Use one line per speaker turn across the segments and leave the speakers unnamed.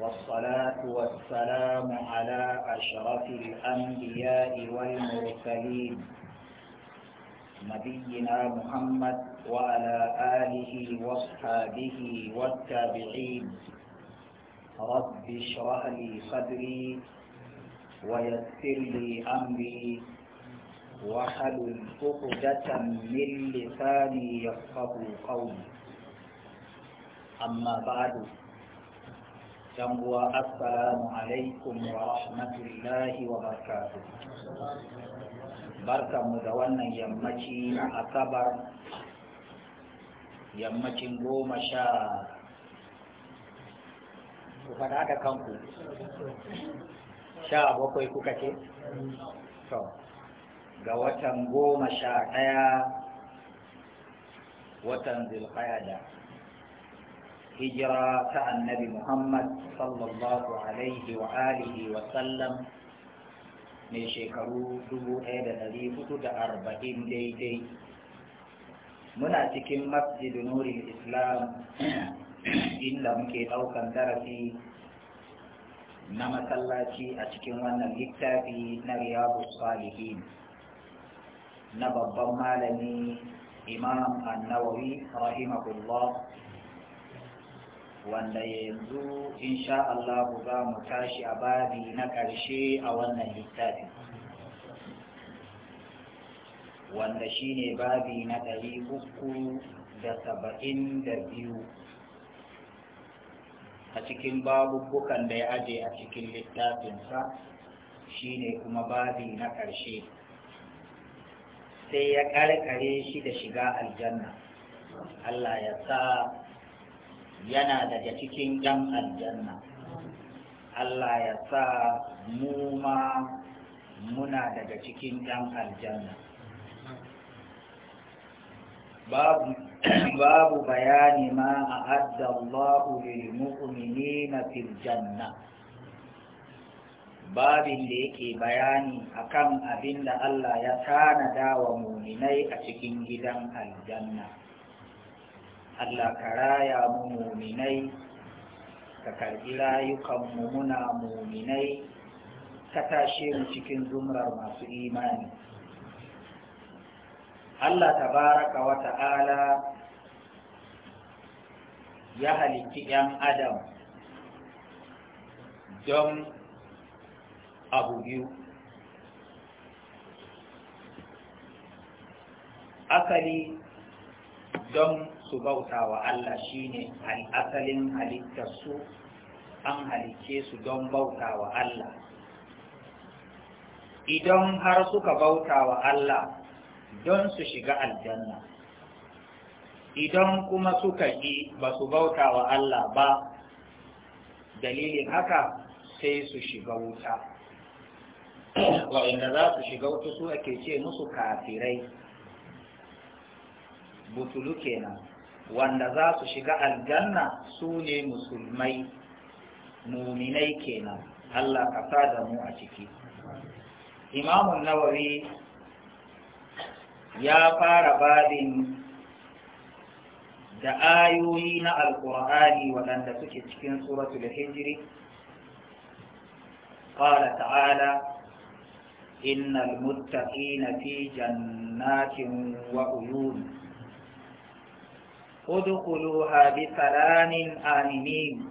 والصلاة والسلام على أشرف الأنبياء والمرسلين نبينا محمد وعلى آله واصحابه والتابعين رب اشرح لي صدري ويسر لي أمري وحلل عقدة من لساني يفقه قولي أما بعد yan uwa assalamu alaikum wa rahmatullahi wa barakatuh barkanmu da wannan yammaci na asabar yammacin goma sha ku faɗa da kanku sha bakwai kuka ce to ga watan goma sha ɗaya watan da. hijira ta annabi Muhammad sallallahu alaihi wa alihi wa sallam mai shekaru 1440 daidai muna cikin masjid nuril islam inda muke daukan darasi na masallaci a cikin wannan littafi na riyadu salihin na babban malami imam annawawi rahimahullah wanda yanzu insha Allah za mu tashi a babi na ƙarshe a wannan littafin wanda shine babi na ɗari uku da saba'in da biyu a cikin babubukan da ya aje a cikin littafinsa shine kuma babi na ƙarshe sai ya ƙarƙare shi da shiga aljanna Allah ya sa yana daga cikin ɗan aljanna Allah ya sa mu ma muna daga cikin ɗan aljanna babu bayani ma a adda Allahu lil mu'minina fil janna babin da yake bayani akan abin da Allah ya tanada wa muminai a cikin gidan aljanna Allah ka raya mu muminai ka karɓi rayukanmu muna muminai ka tashe mu cikin zumrar masu imani Allah ta baraka wa ta'ala ya halitti 'yan adam don abu biyu akali don su bauta wa Allah shine al'asalin halittarsu an halicce su don bauta wa Allah idan har suka bauta wa Allah don su shiga aljanna idan kuma suka yi ba su bauta wa Allah ba dalilin haka sai su shiga wuta wa'inda za su shiga wuta su ake ce musu kafirai butulu kenan wanda za su shiga aljanna su ne musulmai muminai kenan Allah ka sa da mu a ciki imamun nawawi ya fara babin da ayoyi na alkur'ani waɗanda suke cikin suratul hijri ta'ala innal muttaqina fi jannatin wa وعيون ادخلوها بسلام آمنين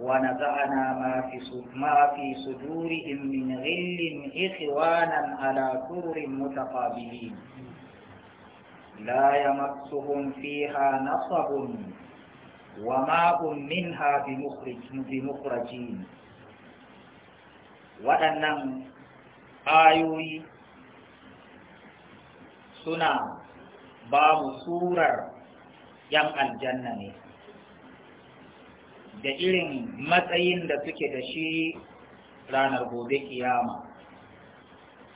ونزعنا ما في ما في صدورهم من غل إخوانا على سرر متقابلين لا يمسهم فيها نصب وما هم منها بمخرج بمخرجين waɗannan ayoyi suna babu surar yan aljanna ne da irin matsayin da suke da shi ranar gobe kiyama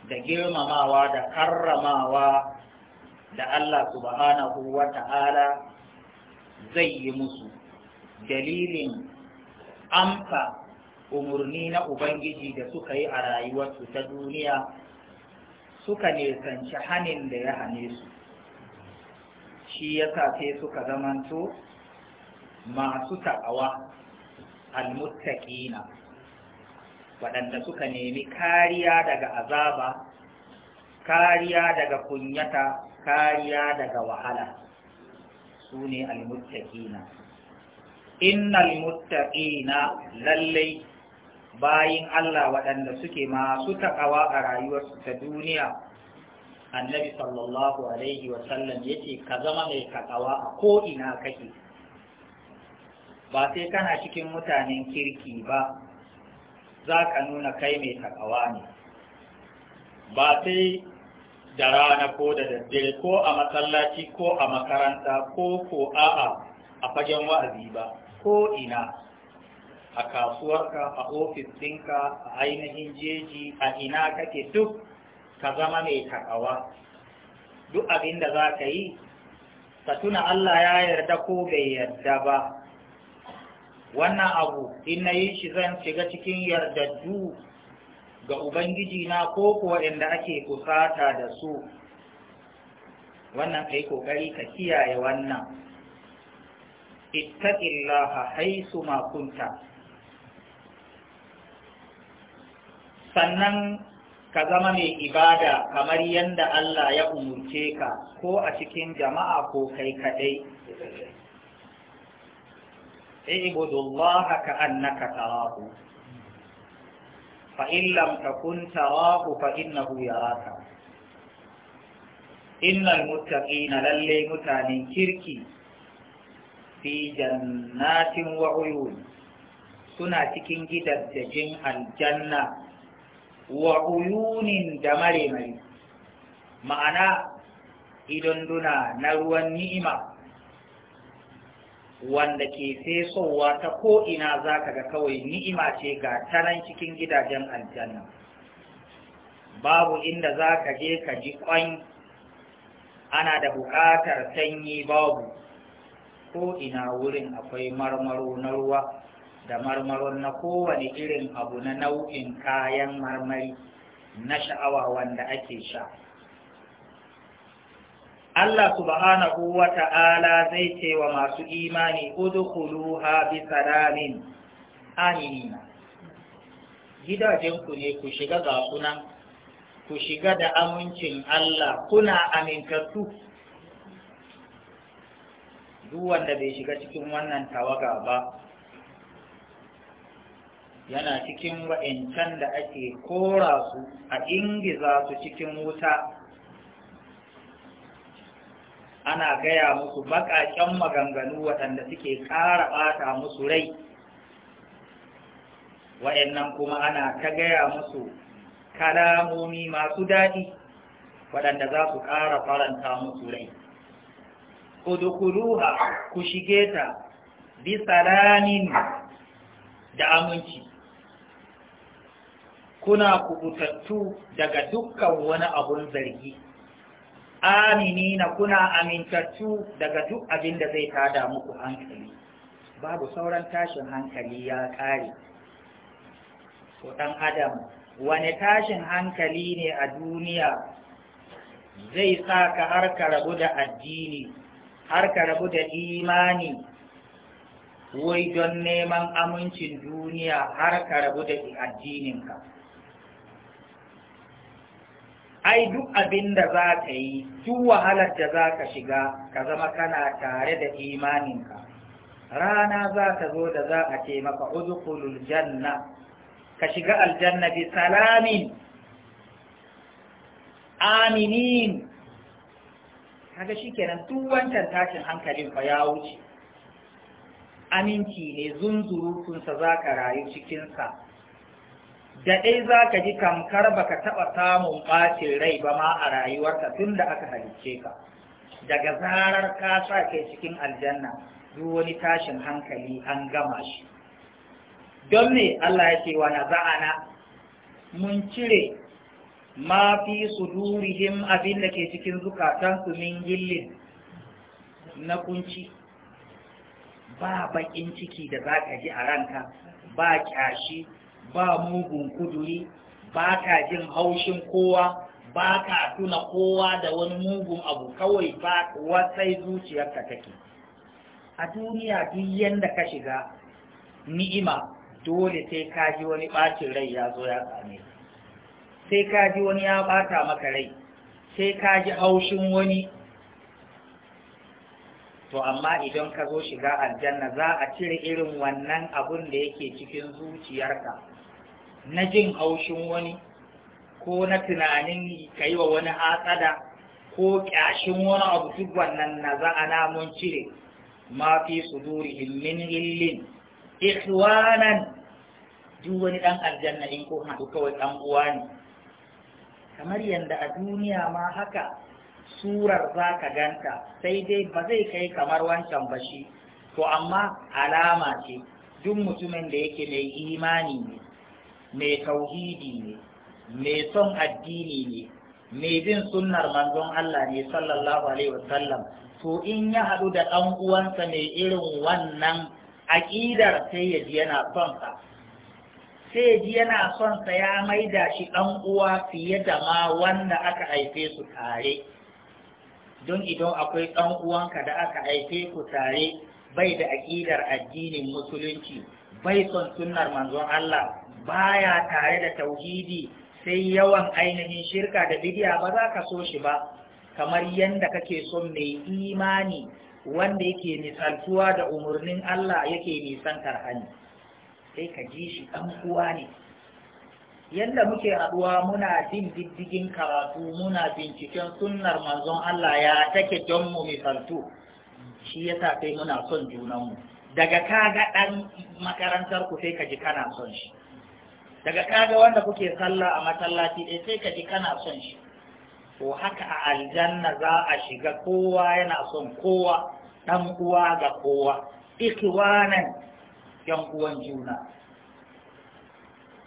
da girmamawa da karramawa da Allah subhanahu wa ta'ala zai yi musu dalilin amsa umarni na Ubangiji da suka yi a rayuwarsu ta duniya suka nesanci hanin da ya hane su shi ya sa sai suka zamanto masu ta'awa almuttaqina waɗanda suka nemi kariya daga azaba kariya daga kunyata kariya daga wahala su ne almuttaqina innal muttaqina lallai bayin Allah waɗanda suke masu ta'awa a rayuwarsu ta duniya annabi sallallahu alaihi wasallam ya ce ka zama mai kakawa a ko'ina kake ba sai kana cikin mutanen kirki ba za ka nuna kai mai takawa ne ba sai da rana ko da daddare ko a masallaci ko a makaranta ko ko a'a a fagen wa'azi ba ko ina a kasuwarka a ofis ɗinka a ainihin jeji a ina kake duk ka zama mai takawa duk abin da za ka yi ka tuna Allah ya yarda ko bai yarda ba wannan abu in na yi shi zan shiga cikin yardaddu ga Ubangiji na ko kuwa inda ake kusata da su wannan kai kokari ka kiyaye wannan ittaqillaha haisu ma sannan ka zama mai ibada kamar yadda Allah ya umurce ka ko a cikin jama'a ko kai kaɗai. ibudullaha ka annaka tarahu fa in lam takun tarahu fa innahu yaraka innal muttaqina lalle mutanen kirki fi jannatin wa suna cikin gidajen aljanna wa uyunin da mare mai ma'ana idonduna na ruwan ni'ima wanda ke fesowa ta ko'ina za ka ga kawai ni'ima ce ga tanan cikin gidajen aljanna babu inda za ka je ka ji kwan ana da buƙatar sanyi babu ko'ina wurin akwai marmaro na ruwa da marmaron na kowane irin abu na nau'in kayan marmari na sha'awa wanda ake sha Allah subhanahu wa ta'ala zai ce wa masu imani udkhuluha bi salamin aminina gidajenku ne ku shiga ga kunan, ku shiga da amincin Allah kuna amintattu duk wanda bai shiga cikin wannan tawaga ba yana cikin wa'incan da ake kora su a ingiza su cikin wuta ana gaya musu baƙaƙen maganganu waɗanda suke ƙara ɓata musu rai wa'annan kuma ana ta gaya musu kalamomi masu daɗi waɗanda za su ƙara faranta musu rai udukuluha ku shige ta bi salamin da aminci kuna kubutattu daga dukkan wani abun zargi aminina kuna amintattu daga duk abin da zai tada muku hankali babu sauran tashin hankali ya kare ko dan adam wani tashin hankali ne a duniya zai sa ka har ka rabu da addini har ka rabu da imani wai don neman amincin duniya har ka rabu da addininka ai duk abin da za ka yi duk wahalar da za ka shiga ka zama kana tare da imaninka rana za ta zo da za a ce maka uzukulul janna ka shiga aljanna bi salamin aminin kaga shikenan duk wancan tashin hankalin fa ya wuce aminci ne zunzurutunsa za ka rayu cikinsa. da ɗai za ka ji kamkar baka taɓa samun ɓacin rai ba ma a rayuwarka tun da aka halicce ka daga zarar ka sa kai cikin aljanna duk wani tashin hankali an gama shi don me Allah ya ce wa na za'ana mun cire ma fi sudurihim abin da ke cikin zukatansu min gillin na kunci ba baƙin ciki da za ka ji a ranka ba kyashi ba mugun kuduri ba ka jin haushin kowa ba ka tuna kowa da wani mugun abu kawai ba wasai zuciyarka take a duniya duk yadda ka shiga ni'ima dole sai ka ji wani ɓacin rai ya zo ya same sai ka ji wani ya ɓata maka rai sai ka ji haushin wani to amma idan ka zo shiga aljanna za a cire irin wannan abun da yake cikin zuciyarka na jin haushin wani ko na tunanin ka yi wa wani hatsada ko ƙyashin wani abu duk wannan na za a namun cire ma fi duri himmin illin ikhwanan duk wani ɗan aljanna in ko haɗu kawai ɗan uwa ne kamar yadda a duniya ma haka surar za ka ganta sai dai ba zai kai kamar wancan ba shi to amma alama ce duk mutumin da yake mai imani ne mai tauhidi ne mai son addini ne mai bin sunnar manzon Allah ne sallallahu alaihi wasallam to in ya haɗu da ɗan uwansa mai irin wannan aƙidar sai ya ji yana son sa sai ji yana son sa ya maida shi ɗan uwa fiye da ma wanda aka haife su tare don idan akwai ɗan uwanka da aka haife ku tare bai da aƙidar addinin musulunci bai son sunnar manzon Allah baya tare da tauhidi sai yawan ainihin shirka da bidiya ba za ka so shi ba kamar yadda kake son mai imani wanda yake misaltuwa da umarnin Allah yake nisan karhani sai ka ji shi ɗan uwa ne yadda muke haɗuwa muna jin diddigin karatu muna binciken sunnar manzon Allah ya take don mu misaltu shi yasa sai muna son junanmu daga kaga ɗan makarantar ku sai ka ji kana son shi daga kaga wanda kuke sallah a masallaci ɗaya sai ka ji kana son shi to haka a aljanna za a shiga kowa yana son kowa ɗan uwa ga kowa ikiwanan yan uwan juna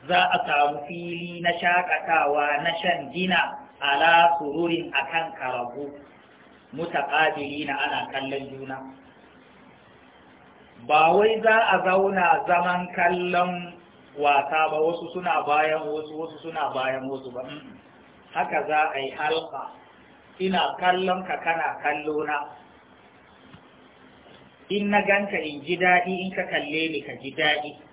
za a samu fili na shakatawa na shan gina ala sururin akan karabu mutaƙabili na ana kallon juna ba wai za a zauna zaman kallon wasa ba wasu suna bayan wasu wasu suna bayan wasu ba haka za a yi halka ina kallon ka kana kallo na in na ganka in ji daɗi in ka kalle ni ka ji daɗi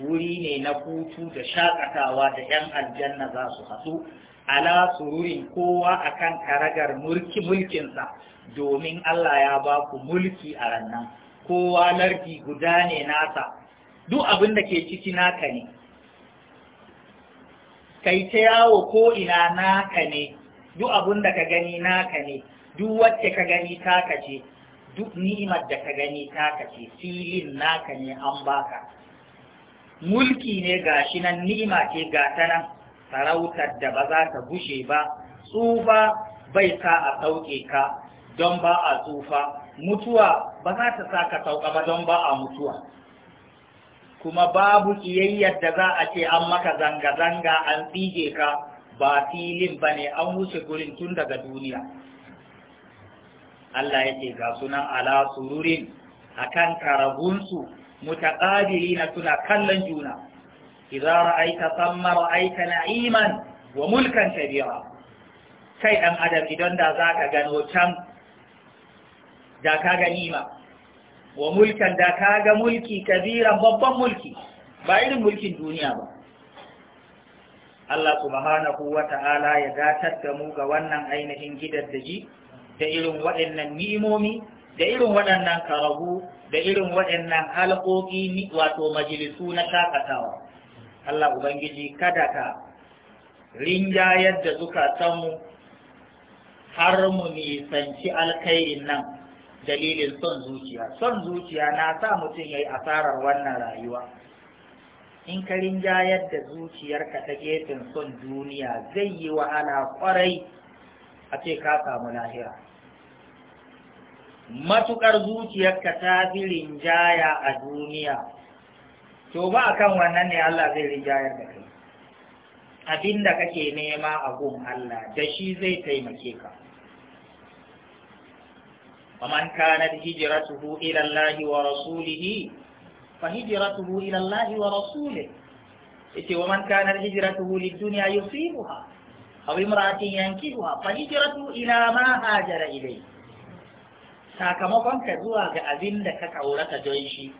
wuri ne na hutu da shakatawa da ‘yan aljanna za su hasu, ala sururin kowa akan karagar mulki mulkinsa domin Allah ya ba ku mulki a rannan, kowa lardi guda ne nasa, duk abin da ke ciki naka ne. Kai ta yawo ko ina naka ne, duk abin da ka gani naka ne, duk wacce ka gani taka ce, duk ni'imar da ka gani taka ce, filin naka ne an baka. mulki ne ga shi nan ni'ima ce ga ta nan sarautar da ba za ta gushe ba tsufa bai sa a sauke ka don ba a tsufa mutuwa ba za ta sa ka sauka ba don ba a mutuwa kuma babu ƙiyayyar da za a ce an maka zanga-zanga an tsige ka ba filin ba ne an wuce gurin tun daga duniya Allah ya ce ga sunan ala sururin akan karagunsu mutaqabilina suna kallon juna idza ra'aita thamma ra'aita na'iman wa mulkan kabira kai dan adam idan da zaka gano can da ka gani ma wa mulkan da ka mulki kabiran babban mulki ba irin mulkin duniya ba Allah subhanahu wa ta'ala ya datar da mu ga wannan ainihin gidan daji, da irin waɗannan ni'imomi da irin waɗannan karabu da irin waɗannan halƙoƙi wato majalisu na shakatawa Allah Ubangiji kada ka rinjayar suka zukatanmu har mu nisanci alkhairin nan dalilin son zuciya son zuciya na sa mutum ya yi asarar wannan rayuwa in ka rinjayar da zuciyarka ta gefen son duniya zai yi wahala kwarai a ce ka samu lahira matuƙar zuciyarka ta fi rinjaya a duniya to ba kan wannan ne Allah zai rinjayar da kai abin kake nema a gun Allah da shi zai taimake ka ومن كانت هجرته إلى الله ورسوله فهجرته إلى الله ورسوله ومن كانت هجرته للدنيا يصيبها أو امرأة ينكبها فهجرته إلى ما هاجر إليه sakamakon ka zuwa ga abin da ka ka don shi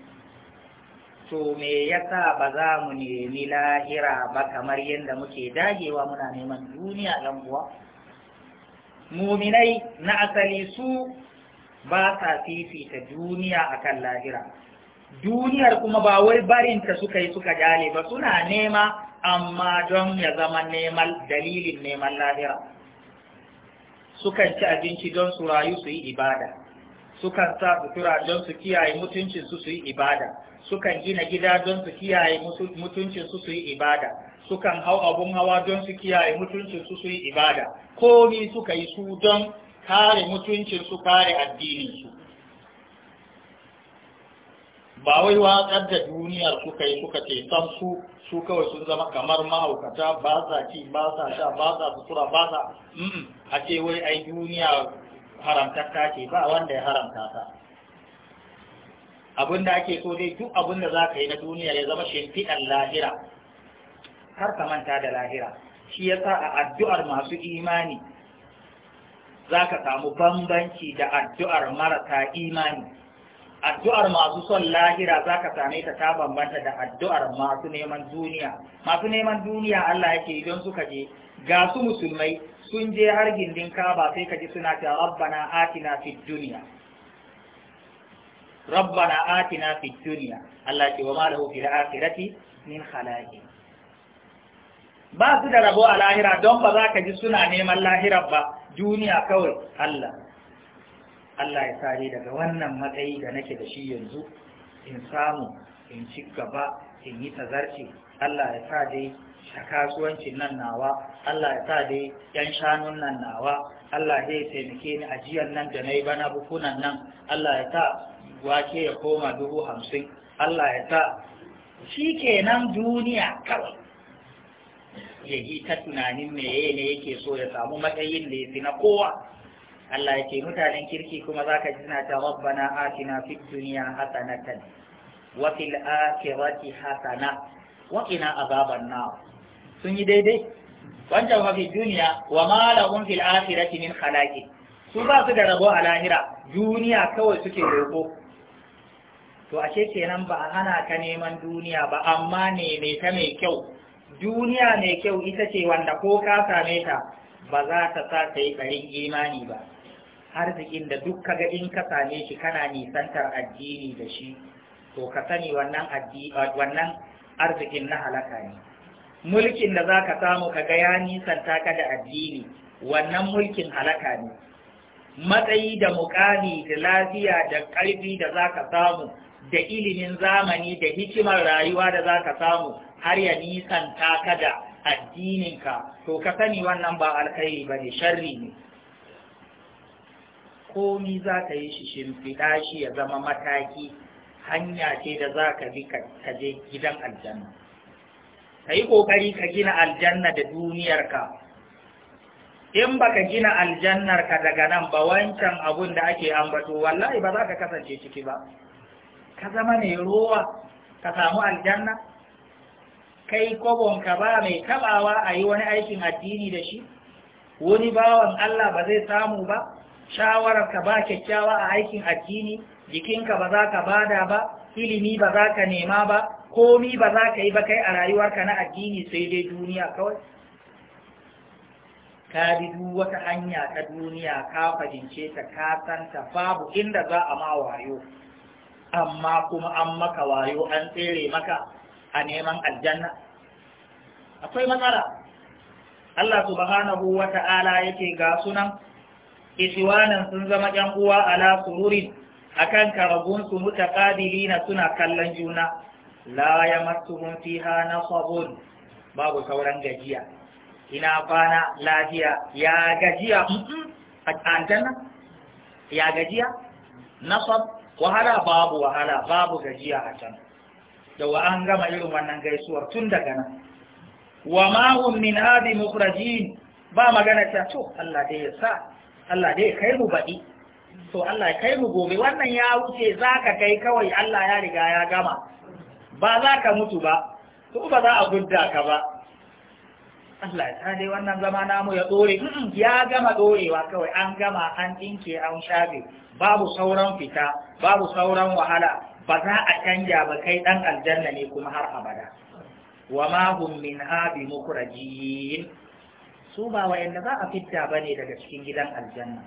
to me yasa ba za mu nemi lahira ba kamar yadda muke dagewa muna neman duniya ɗan uwa muminai na asali su ba sa fifita duniya akan lahira duniyar kuma ba wai barinta suka yi suka jale ba suna nema amma don ya zama neman dalilin neman lahira sukan ci abinci don su rayu su yi ibada sukan sa sutura don su kiyaye mutuncinsu su yi ibada sukan gina gida don su kiyaye mutuncinsu su yi ibada sukan hau abun hawa don su kiyaye mutuncinsu su yi ibada Ko ni suka yi su don kare mutuncinsu kare addinin su. ba wai watsar da duniyar suka yi suka ce san su su kawai sun zama kamar mahaukata ba sa ci ba sa sha ba sa sutura ba sa a ce wai ai duniya haramtatta ce ba wanda ya haramta ta abin da ake so dai duk abun da za ka yi na duniya ya zama shimfiɗar lahira kar ka manta da lahira shi ya sa a addu'ar masu imani za ka samu bambanci da addu'ar marasa imani addu'ar masu son lahira za ka same ta ta bambanta da addu'ar masu neman duniya masu neman duniya Allah yake idan suka je ga su musulmai sun je har gindin kaba sai ka ji suna ta rabbana atina fid rabbana atina Allah ce wa ma lahu fil akhirati min khalaqi ba su da rabo a lahira don ba za ka ji suna neman lahira ba duniya kawai Allah Allah ya sare daga wannan matsayi da nake da shi yanzu in samu in ci gaba in yi tazarci Allah ya sa dai kasuwancin nan nawa Allah ya sa dai yan shanun nan nawa Allah zai taimake ni ajiyar nan da na yi bana bukunan nan Allah ya sa wake ya koma dubu hamsin Allah ya sa shi kenan duniya kawai ya yi ta tunanin meye ne yake so ya samu matsayin da ya fi na kowa Allah ya ce mutanen kirki kuma za ka ji na ta rabbana atina fi duniya hasanatan wa fil akhirati hasana wa qina azaban nar sun yi daidai wancan mafi duniya wa ma lahum fil akhirati min khalaqi su ba su da rabo a lahira duniya kawai suke roko to a ke kenan ba a hana ka neman duniya ba amma ne ne ta mai kyau duniya mai kyau ita ce wanda ko ka same ta ba za ta sa ta yi ɗarin imani ba Har zikin da duk kaga in ka same shi kana nisantar addini da shi to ka sani wannan arzikin na halaka ne mulkin da za ka samu ka ga ya taka da addini wannan mulkin halaka ne matsayi da mukami da lafiya da karfi da za ka samu da ilimin zamani da hikimar rayuwa da za ka samu har ya nisan taka da addininka to ka sani wannan ba alkhairi ba ne sharri ne komi za ka yi shi shimfiɗa shi ya zama mataki hanya ce da za ka bi ka je gidan aljanna ka yi ƙoƙari ka gina aljanna da duniyarka in baka gina aljannarka daga nan ba wancan abun da ake ambato wallahi ba za ka kasance ciki ba ka zama ne ruwa ka samu aljanna kai kwabonka ba mai kaɓawa a yi wani aikin addini da shi wani bawan Allah ba zai samu ba Shawarar ka ba kyakkyawa a aikin addini jikinka ba za ka bada ba ilimi ba za ka nema ba komi ba za ka yi ba kai a rayuwarka na addini sai dai duniya kawai ka bi wata hanya ta duniya ka fahimce ta ka santa babu inda za a ma wayo amma kuma an maka wayo an tsere maka a neman aljanna akwai matsala Allah subhanahu wa ta'ala yake ga sunan Isiwanan sun zama 'yan uwa ala sururin akan karabun su mutaqabilina suna kallon juna la yamassuhum fiha nasabun babu sauran gajiya ina kwana lafiya ya gajiya a aljanna ya gajiya nasab wahala babu wahala babu gajiya a can da wa an gama irin wannan gaisuwar tun daga nan wa ma hum min hadi mukhrajin ba magana ta to Allah dai ya sa Allah dai ya kai mu baɗi to Allah ya kai mu gobe wannan ya wuce zaka kai kawai Allah ya riga ya gama ba za ka mutu ba ko ba za a gudda ka ba Allah ya dai wannan zama namu ya ɗore. ya gama ɗorewa kawai an gama an ɗinke an shafe babu sauran fita babu sauran wahala ba za a canja ba kai ɗan aljanna ne kuma har abada wa ma hum min habi mukhrajin su ba wayanda za a fitta bane daga cikin gidan aljanna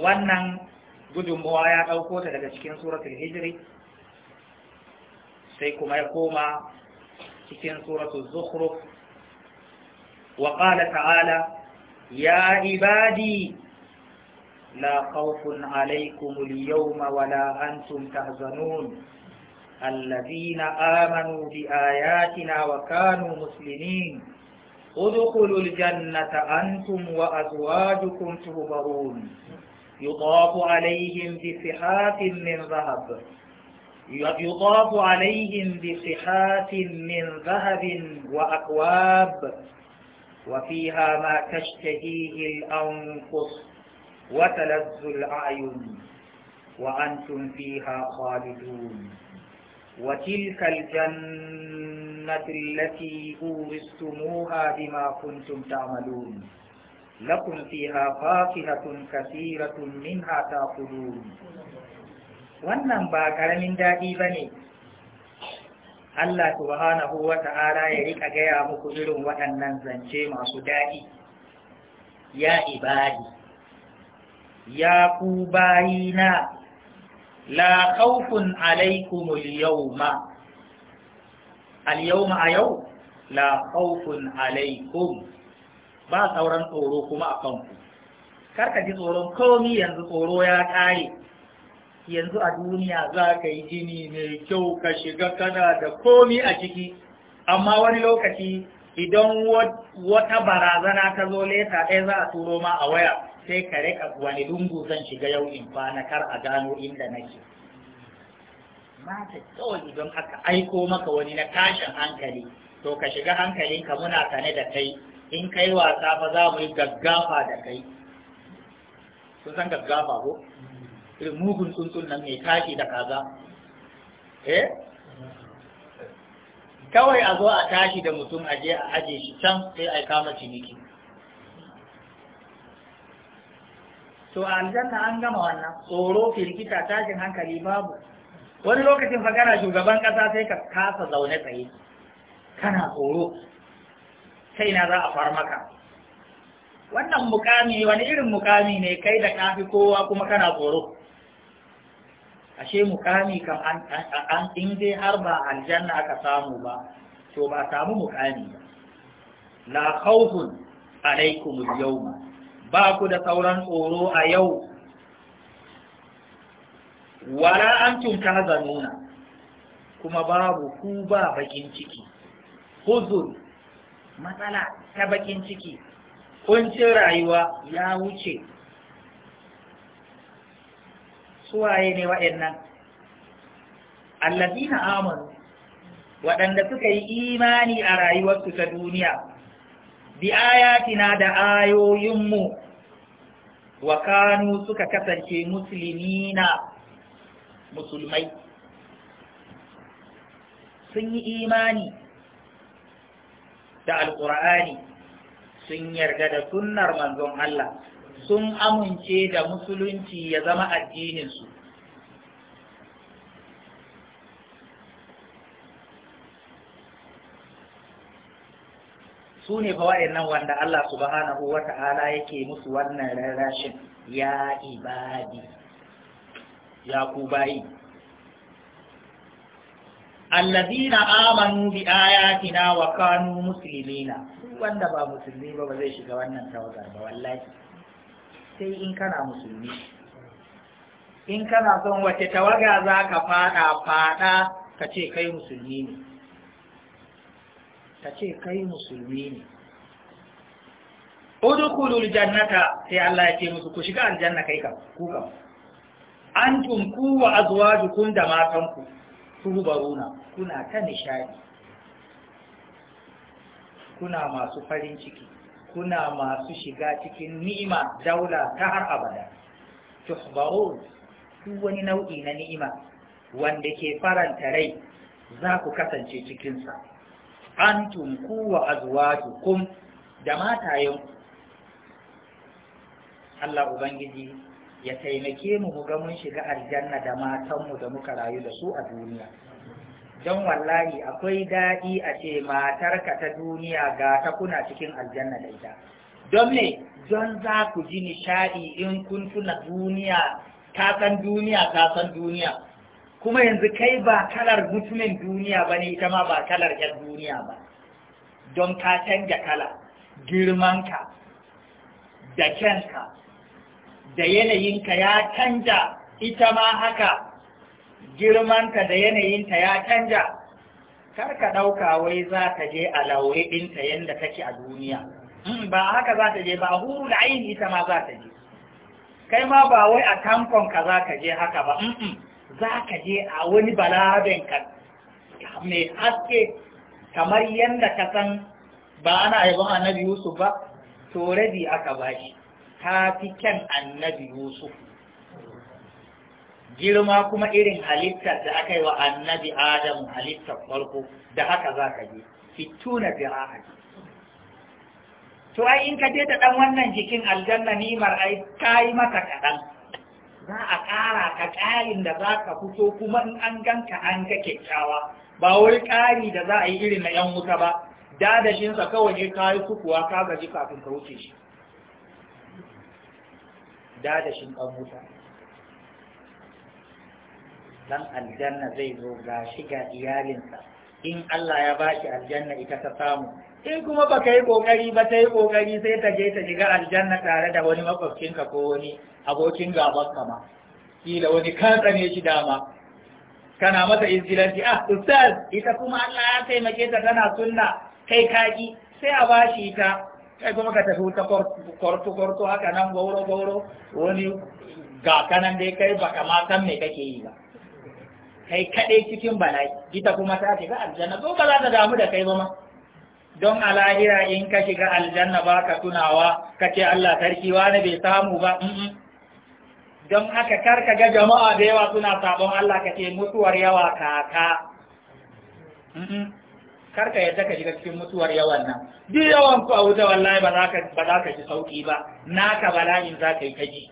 wannan gudunmawa ya ɗaukota ta daga cikin suratul hijri سيكما يقوم سكين سورة الزخرف وقال تعالى يا عبادي لا خوف عليكم اليوم ولا أنتم تهزنون الذين آمنوا بآياتنا وكانوا مسلمين ادخلوا الجنة أنتم وأزواجكم تهبرون يطاف عليهم بصحاف من ذهب يضاف عليهم بصحات من ذهب وأكواب وفيها ما تشتهيه الأنفس وتلذ الأعين وأنتم فيها خالدون وتلك الجنة التي أورثتموها بما كنتم تعملون لكم فيها فاكهة كثيرة منها تأكلون wannan ba ƙaramin daɗi ba ne Allah subhanahu wa ta'ala ya rika gaya muku irin waɗannan zance masu daɗi ya ibadi ya ku bayina la khawfun al yawma al yawma a yau la khawfun alaikum ba sauran tsoro kuma a kanku karka ji tsoron komi yanzu tsoro ya kare yanzu a duniya za ka yi jini mai kyau ka shiga kana da komi a ciki amma wani lokaci idan wata barazana ta zo leta ɗaya za a turo ma a waya sai ka rika wani lungu zan shiga yau in kwana kar a gano inda nake mata kawai idan aka aiko maka wani na tashin hankali to ka shiga hankalinka muna sane da kai in kai wasa fa za mu yi gaggafa da kai sun san gaggafa ko irin mugun tsuntsun nan mai tashi da kaza eh kawai a zo a tashi da mutum a je a aje shi can sai a kama ciniki to a aljanna an gama wannan tsoro firgita tashin hankali babu wani lokacin fa shugaban kasa sai ka kasa zaune tsaye kana tsoro sai na za a far maka wannan mukami wani irin mukami ne kai da kafi kowa kuma kana tsoro ashe mukami kam an in dai har ba aljanna aka samu ba to ba samu mukami ba la khawfun alaikum al ba ku da sauran tsoro a yau wala antum tahzanuna kuma babu ku ba bakin ciki huzur matsala ta bakin ciki kuncin rayuwa ya wuce suwaye ne waɗannan? allazina amanu waɗanda suka yi imani a rayuwarsu ta duniya bi ayatina da ayoyinmu wa kanu suka kasance na musulmai sun yi imani da alƙur'ani sun yarda da sunnar manzon Allah sun amince da musulunci ya zama addininsu su ne fa waɗannan wanda Allah subhanahu wa ta'ala yake musu wannan rarrashin ya ibadi ya ku bayi allazina amanu bi ayatina wa kanu muslimina wanda ba musulmi ba ba zai shiga wannan tawagar ba wallahi sai in kana musulmi in kana son wace tawaga za ka fada fada ka ce kai musulmi ne ka ce kai musulmi ne udkhulul jannata sai Allah ya ce musu ku shiga aljanna kai kam ku kam antum ku wa azwajukum da matanku tubaruna kuna ta nishadi kuna masu farin ciki kuna masu shiga cikin ni'ima daula ta har abada tuhbarun duk wani nau'i na ni'ima wanda ke faranta rai za ku kasance cikinsa antum ku wa azwajukum da matayen Allah ubangiji ya taimake mu mu ga mun shiga aljanna da matanmu da muka rayu da su a duniya don wallahi akwai daɗi a ce matarka ta duniya ga ta kuna cikin aljanna da ita don me don za ku ji nishaɗi in kun tuna duniya ka san duniya ka san duniya kuma yanzu kai ba kalar mutumin duniya ba ne ita ma ba kalar yan duniya ba don ka canja kala girmanka da kyanka da yanayinka ya canja ita ma haka girmanta da yanayinta ya canja kar ka ɗauka wai za ta je a laure ɗinta yadda take a duniya mm, ba haka za ta je ba huru da ainihi ita ma za ta je kai ma ba wai a tankon ka za ka je haka ba mm, mm, za ka je a wani balaben ka mai haske kamar yadda ka san ba ana yabon annabi yusuf ba to rabi aka bashi ta fi kyan annabi yusuf girma kuma irin halittar da aka yi wa annabi adam halittar farko da haka za ka je fituna zira'a to ai in ka je da ɗan wannan jikin aljanna nimar ai ka yi maka kaɗan za a ƙara ka ƙarin da za ka fito kuma in an ganka an ga kyakkyawa ba wai ƙari da za a yi irin na ‘yan wuta ba dadashinsa kawai ne ka yi kuwa? ka gaji kafin ka wuce shi dadashin ɗan wuta dan aljanna zai zo ga shi ga iyalinsa in Allah ya baki aljanna ita ta samu in kuma baka yi kokari ba sai yi kokari sai ta je ta shiga aljanna tare da wani makwabcinka ko wani abokin gaban ka ma kila wani ka tsane shi dama kana mata izgilanci ah ustaz ita kuma Allah ya taimake ta tana sunna kai kaki sai a bashi ita kai kuma ka tafi wuta korto korto haka nan gauro gauro wani ga kanan dai kai baka ma san me kake yi ba kai kaɗai cikin bala'i ita kuma ta shiga aljanna ko ba za ta damu da kai ba ma don a lahira in ka shiga aljanna ba ka tunawa ka ce Allah sarki wani bai samu ba don haka kar ka ga jama'a da yawa suna sabon Allah ka ce mutuwar yawa kaka kar ka yadda ka shiga cikin mutuwar yawan nan duk yawan ku a wuta wallahi ba za ka ji sauki ba naka bala'in za ka yi ta ji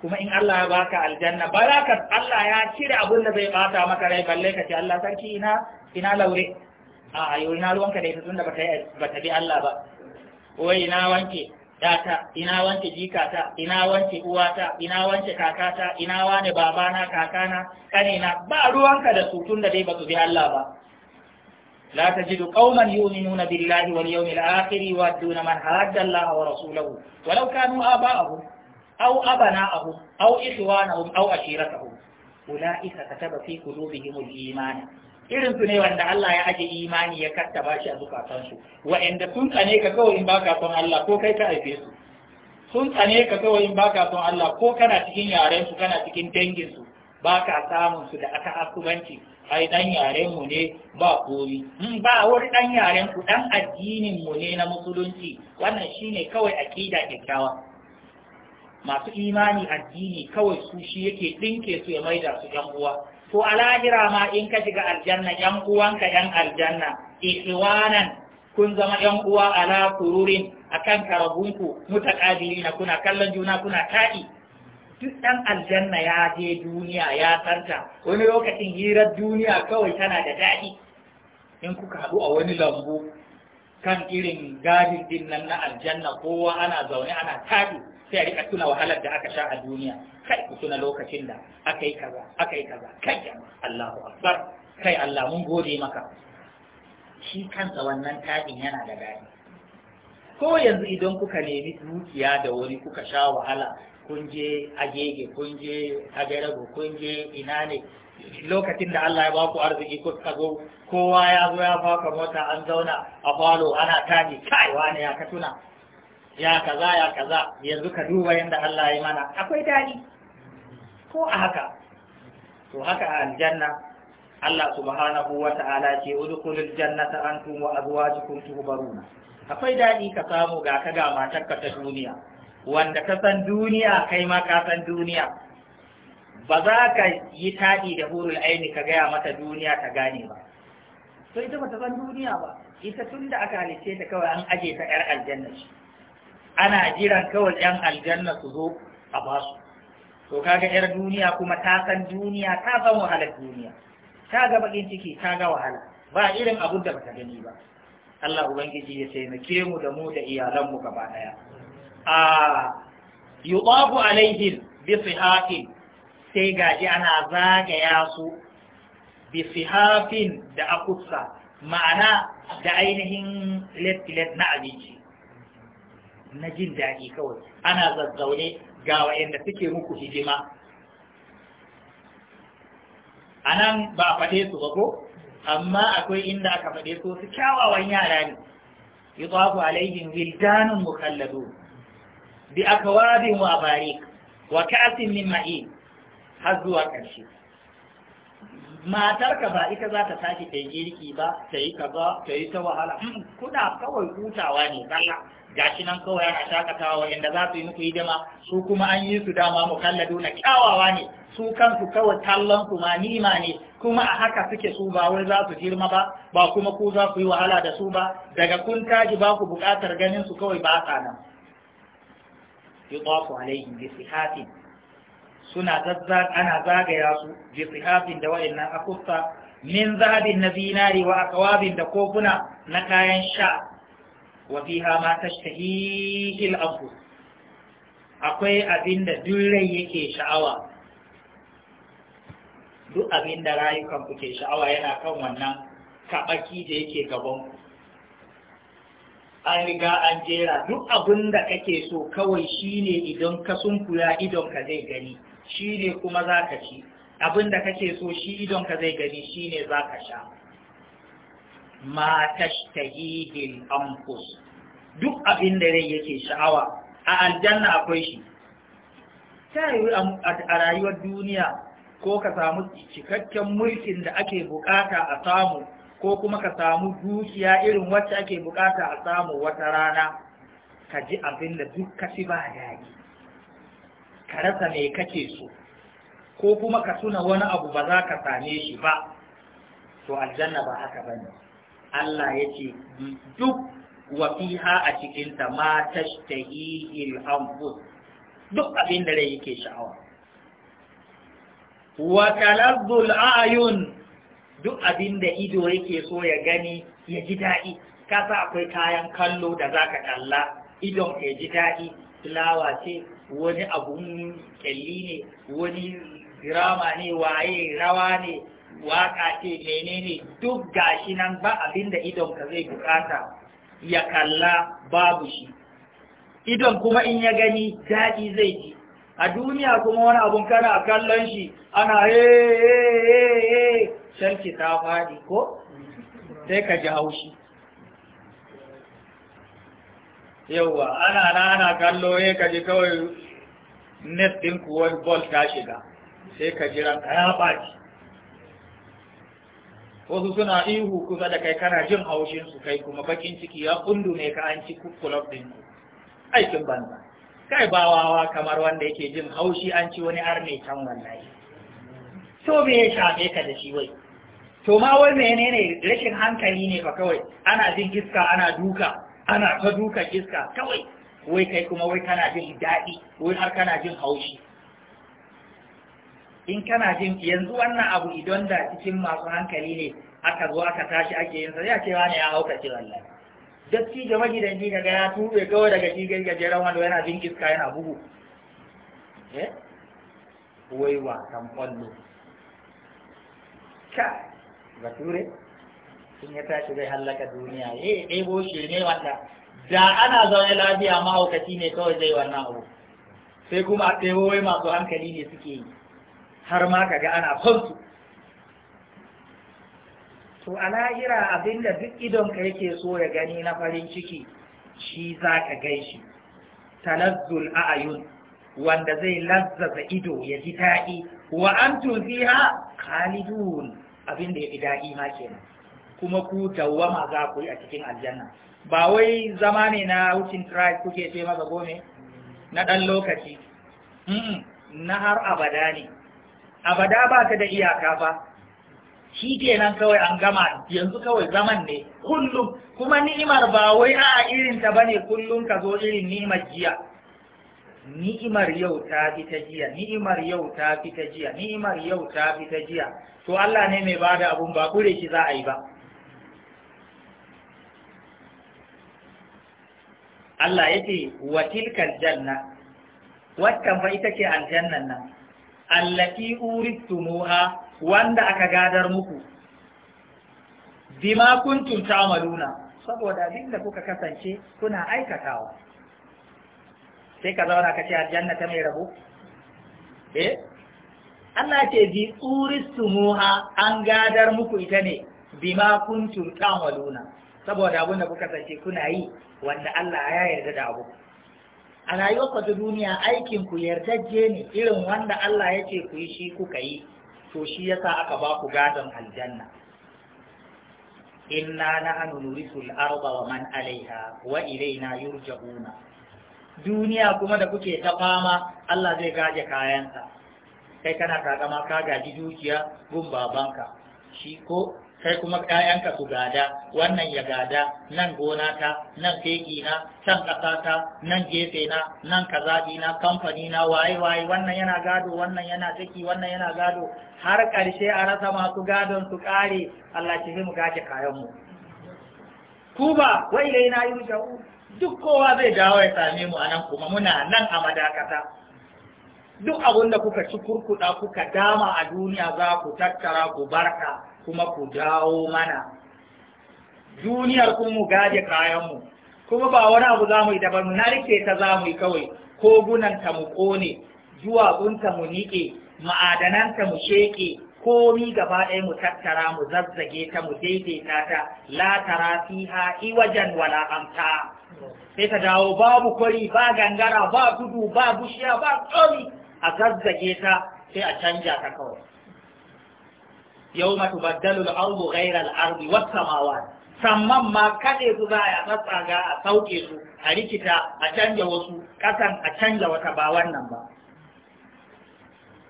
kuma in Allah ya baka aljanna baraka Allah ya cire abin da zai bata maka rai balle ka ce Allah sarki ina ina laure a ayo ina ruwanka da ita tunda bata bata bi Allah ba wai ina wanke data ina wanke jikata ina wanke uwata ina wanke kakata ina wane babana kakana kanina ba ruwanka da su tunda dai ba su bi Allah ba لا تجد قوما يؤمنون بالله واليوم الآخر يوادون من هاد الله ورسوله ولو كانوا آباءهم أو أبناءهم أو إخوانهم أو أشيرتهم أولئك كتب في قلوبهم الإيمان irin su ne wanda Allah ya aje imani ya kattaba shi a zukatansu wa'anda sun tsane ka kawai in baka son Allah ko kai ka aife su sun tsane ka kawai in baka son Allah ko kana cikin yaren su kana cikin dangin su baka samun su da aka asubanci ai dan yaren mu ne ba komi in ba wani dan yaren ku dan addinin mu ne na musulunci wannan shine kawai akida kyakkyawa masu imani addini kawai su shi yake ɗinke su ya maida su ‘yan uwa. To a lahira ma in ka shiga aljanna ‘yan uwanka ‘yan aljanna, iwanan kun zama ‘yan uwa ala kururin a kan karabunku mutaƙabili na kuna kallon juna kuna taɗi. Duk ɗan aljanna ya je duniya ya tsanta, wani lokacin hirar duniya kawai tana da daɗi. In kuka haɗu a wani lambu kan irin gadin din nan na aljanna kowa ana zaune ana taɗi. sai a rika tuna wahalar da aka sha a duniya kai ku tuna lokacin da aka yi kaza aka yi kaza kai Allahu akbar kai Allah mun gode maka shi kansa wannan taɗin yana da daɗi ko yanzu idan kuka nemi dukiya da wuri kuka sha wahala kun je agege kun je agarago kun je ina ne lokacin da Allah ya baku arziki ku ka go kowa ya zo ya baka mota an zauna a falo ana tani kai wani ya ka tuna ya kaza ya kaza yanzu ka duba yadda Allah ya mana akwai daɗi ko a haka to haka a aljanna Allah subhanahu wa ta'ala ce udkhulul jannata antum wa azwajukum tuhbaruna akwai daɗi ka samu ga ka ga matarka ta duniya wanda ka san duniya kai ma ka san duniya ba za ka yi taɗi da hurul aini ka gaya mata duniya ta gane ba to ita ba ta san duniya ba ita tun da aka halice ta kawai an aje ta yar aljanna shi ana jiran kawai yan aljanna su zo a basu to kaga yar duniya kuma ta san duniya ta san wahalar duniya ta ga bakin ciki ta ga wahala ba irin abun da bata gani ba Allah ubangiji ya taimake mu da mu da iyalanmu mu gaba ɗaya. a yudafu alaihin bisu hafin sai gaji ana zagaya su bisu hafin da akussa ma'ana da ainihin let na abinci na jin daɗi kawai ana zazzaune ga wa'yanda suke muku hidima a nan ba a faɗe su ba ko amma akwai inda aka faɗe su su kyawawan yara ne yi tsafu alaihin wildanun mukalladu bi akwabin wa bari wa ka'asin min har zuwa ƙarshe matarka ba ita za ta tashi ta yi girki ba ta yi kaza ta yi ta wahala hmm, kuna kawai hutawa ne tsalla gashi nan kawai ana shakatawa wanda za su yi muku hidima su kuma an yi su dama mu kallado na kyawawa ne su kansu kawai tallan ku ma nima ne kuma a haka suke su ba wai za su girma ba ba kuma ku za ku yi wahala da su ba daga kun tashi ba ku buƙatar ganin su kawai ba sa nan yudafu alaihi bi sihatin suna zazza ana zagaya su bi sihafin da wayannan akusta min zahabin na zinari wa akawabin da kofuna na kayan sha wa fiha ma tashtahi al-anfus akwai abin da yake sha'awa duk abin da rayukan ku ke sha'awa yana kan wannan kabaki da yake gaban ku an riga an jera duk abin da kake so kawai shine idan ka sunkuya idon ka zai gani shi ne kuma za ka ci abin da kake so shi idon ka zai gani shi ne za ka sha ma tashtahihi duk abin da rai yake sha'awa a aljanna akwai shi ta yi a rayuwar duniya ko ka samu cikakken mulkin da ake bukata a samu ko kuma ka samu dukiya irin wacce ake bukata a samu wata rana ka ji abin da duk ka ci ba daɗi ka rasa me kake so ko kuma ka tuna wani abu ba za ka same shi ba to aljanna ba haka bane Allah ya ce duk wa fiha a cikinta ma tashtahi anfus duk abin da rai yake sha'awa wa talazzul a'yun duk abin da ido yake so ya gani ya ji daɗi kasa akwai kayan kallo da zaka kalla idon ya ji daɗi fulawa ce wani abun kyalli ne wani girama ne waye rawa ne waka ce menene duk gashi nan ba abin da idonka zai bukata ya kalla babu shi idon kuma in ya gani daɗi zai ji a duniya kuma wani abun kana kallon shi ana he ki ta faɗi ko sai ka ji haushi yauwa ana na ana kallo ya kaji kawai net din kuwa ball ta shiga sai ka jiran ka ya ɓaci wasu suna ihu kusa da kai kana jin haushin su kai kuma bakin ciki ya kundu ne ka an ci kulob din ku aikin banza kai ba wawa kamar wanda yake jin haushi an ci wani arne can wallahi to me ya shafe ka da shi wai to ma wai menene rashin hankali ne fa kawai ana jin iska ana duka ana ta dukan iska kawai wai kai kuma wai kana jin daɗi wai har kana jin haushi in kana jin yanzu wannan abu idan da cikin masu hankali ne aka zo aka tashi ake yin sa ya ce wani ya hauka ce wallahi datti da magidanci ga ya tube kawai daga shi gajeren wanda yana jin iska yana bugu eh wai kan kwallo ka bature in ya tashi zai hallaka duniya eh ɗebo ne wanda da ana zaune lafiya mahaukaci ne kawai zai wannan abu sai kuma a ɗebo masu hankali ne suke yi har ma kaga ana kwansu to a lahira abinda duk idon ka yake so ya gani na farin ciki shi za ka gai shi talazzul aayun wanda zai lazzaza ido ya ji daɗi wa antum fiha khalidun abinda ya fi daɗi ma kenan kuma ku dawwama za ku yi a cikin aljanna ba wai zama ne na wucin try kuke ce masa gome na ɗan lokaci na har abada ne abada ba ta da iyaka ba shi kenan kawai an gama yanzu kawai zaman ne kullum kuma ni'imar ba wai a irin ta bane kullum ka zo irin ni'imar jiya ni'imar yau ta fi ta jiya ni'imar yau ta fi ta jiya ni'imar yau ta fi ta jiya to Allah ne mai bada abun ba kure shi za a yi ba Allah ce wa tilkal janna wata fa ita ce aljannan nan allati uristumuha wanda aka gadar muku bima kuntum ta'maluna saboda abin da kuka kasance kuna aikatawa sai ka zauna ka ce aljanna ta mai rabo eh Allah ce bi uristumuha an gadar muku ita ne bima kuntum ta'maluna saboda abin da kuka sace kuna yi wanda Allah ya yarda da abu a rayuwarku ta duniya aikin ku yardaje ne irin wanda Allah ya ce ku yi shi kuka yi to shi yasa aka ba ku gadon aljanna inna nahnu nurisul arda wa man alaiha wa ilaina yurja'una duniya kuma da kuke ta fama Allah zai gaje kayansa kai kana kagama ka gaji dukiya gun babanka shi ko kai kuma ƴaƴanka su gada wannan ya gada nan gona ta nan feki na can ƙasa ta nan gefe na nan kazaɗi na kamfani na waye waye wannan yana gado wannan yana ciki wannan yana gado har ƙarshe a rasa masu gadon su ƙare Allah ki mu gaje kayan mu ku ba wa ilaina yurja'u duk kowa zai dawo ya same mu anan kuma muna nan a madakata duk abinda kuka ci kurkuɗa kuka dama a duniya za ku tattara ku barka kuma ku dawo mana duniyar kun mu gaje kayanmu kuma ba wani abu za mu yi daban narke ta za mu yi kawai kogunanta mu ƙone duwatsunta mu niƙe ma'adananta mu sheƙe komi gaba ɗaya mu tattara mu zazzage ta mu daidaita ta la tara fiha iwajan wala sai ta dawo babu kwari ba gangara ba gudu ba bushiya ba komi a zazzage ta sai a canja ta kawai yau matu baddalul ardu ghairal ardi was samawat samman ma kaɗe su za a tsatsaga a sauke su a rikita a canja wasu ƙasan a canja wata ba wannan ba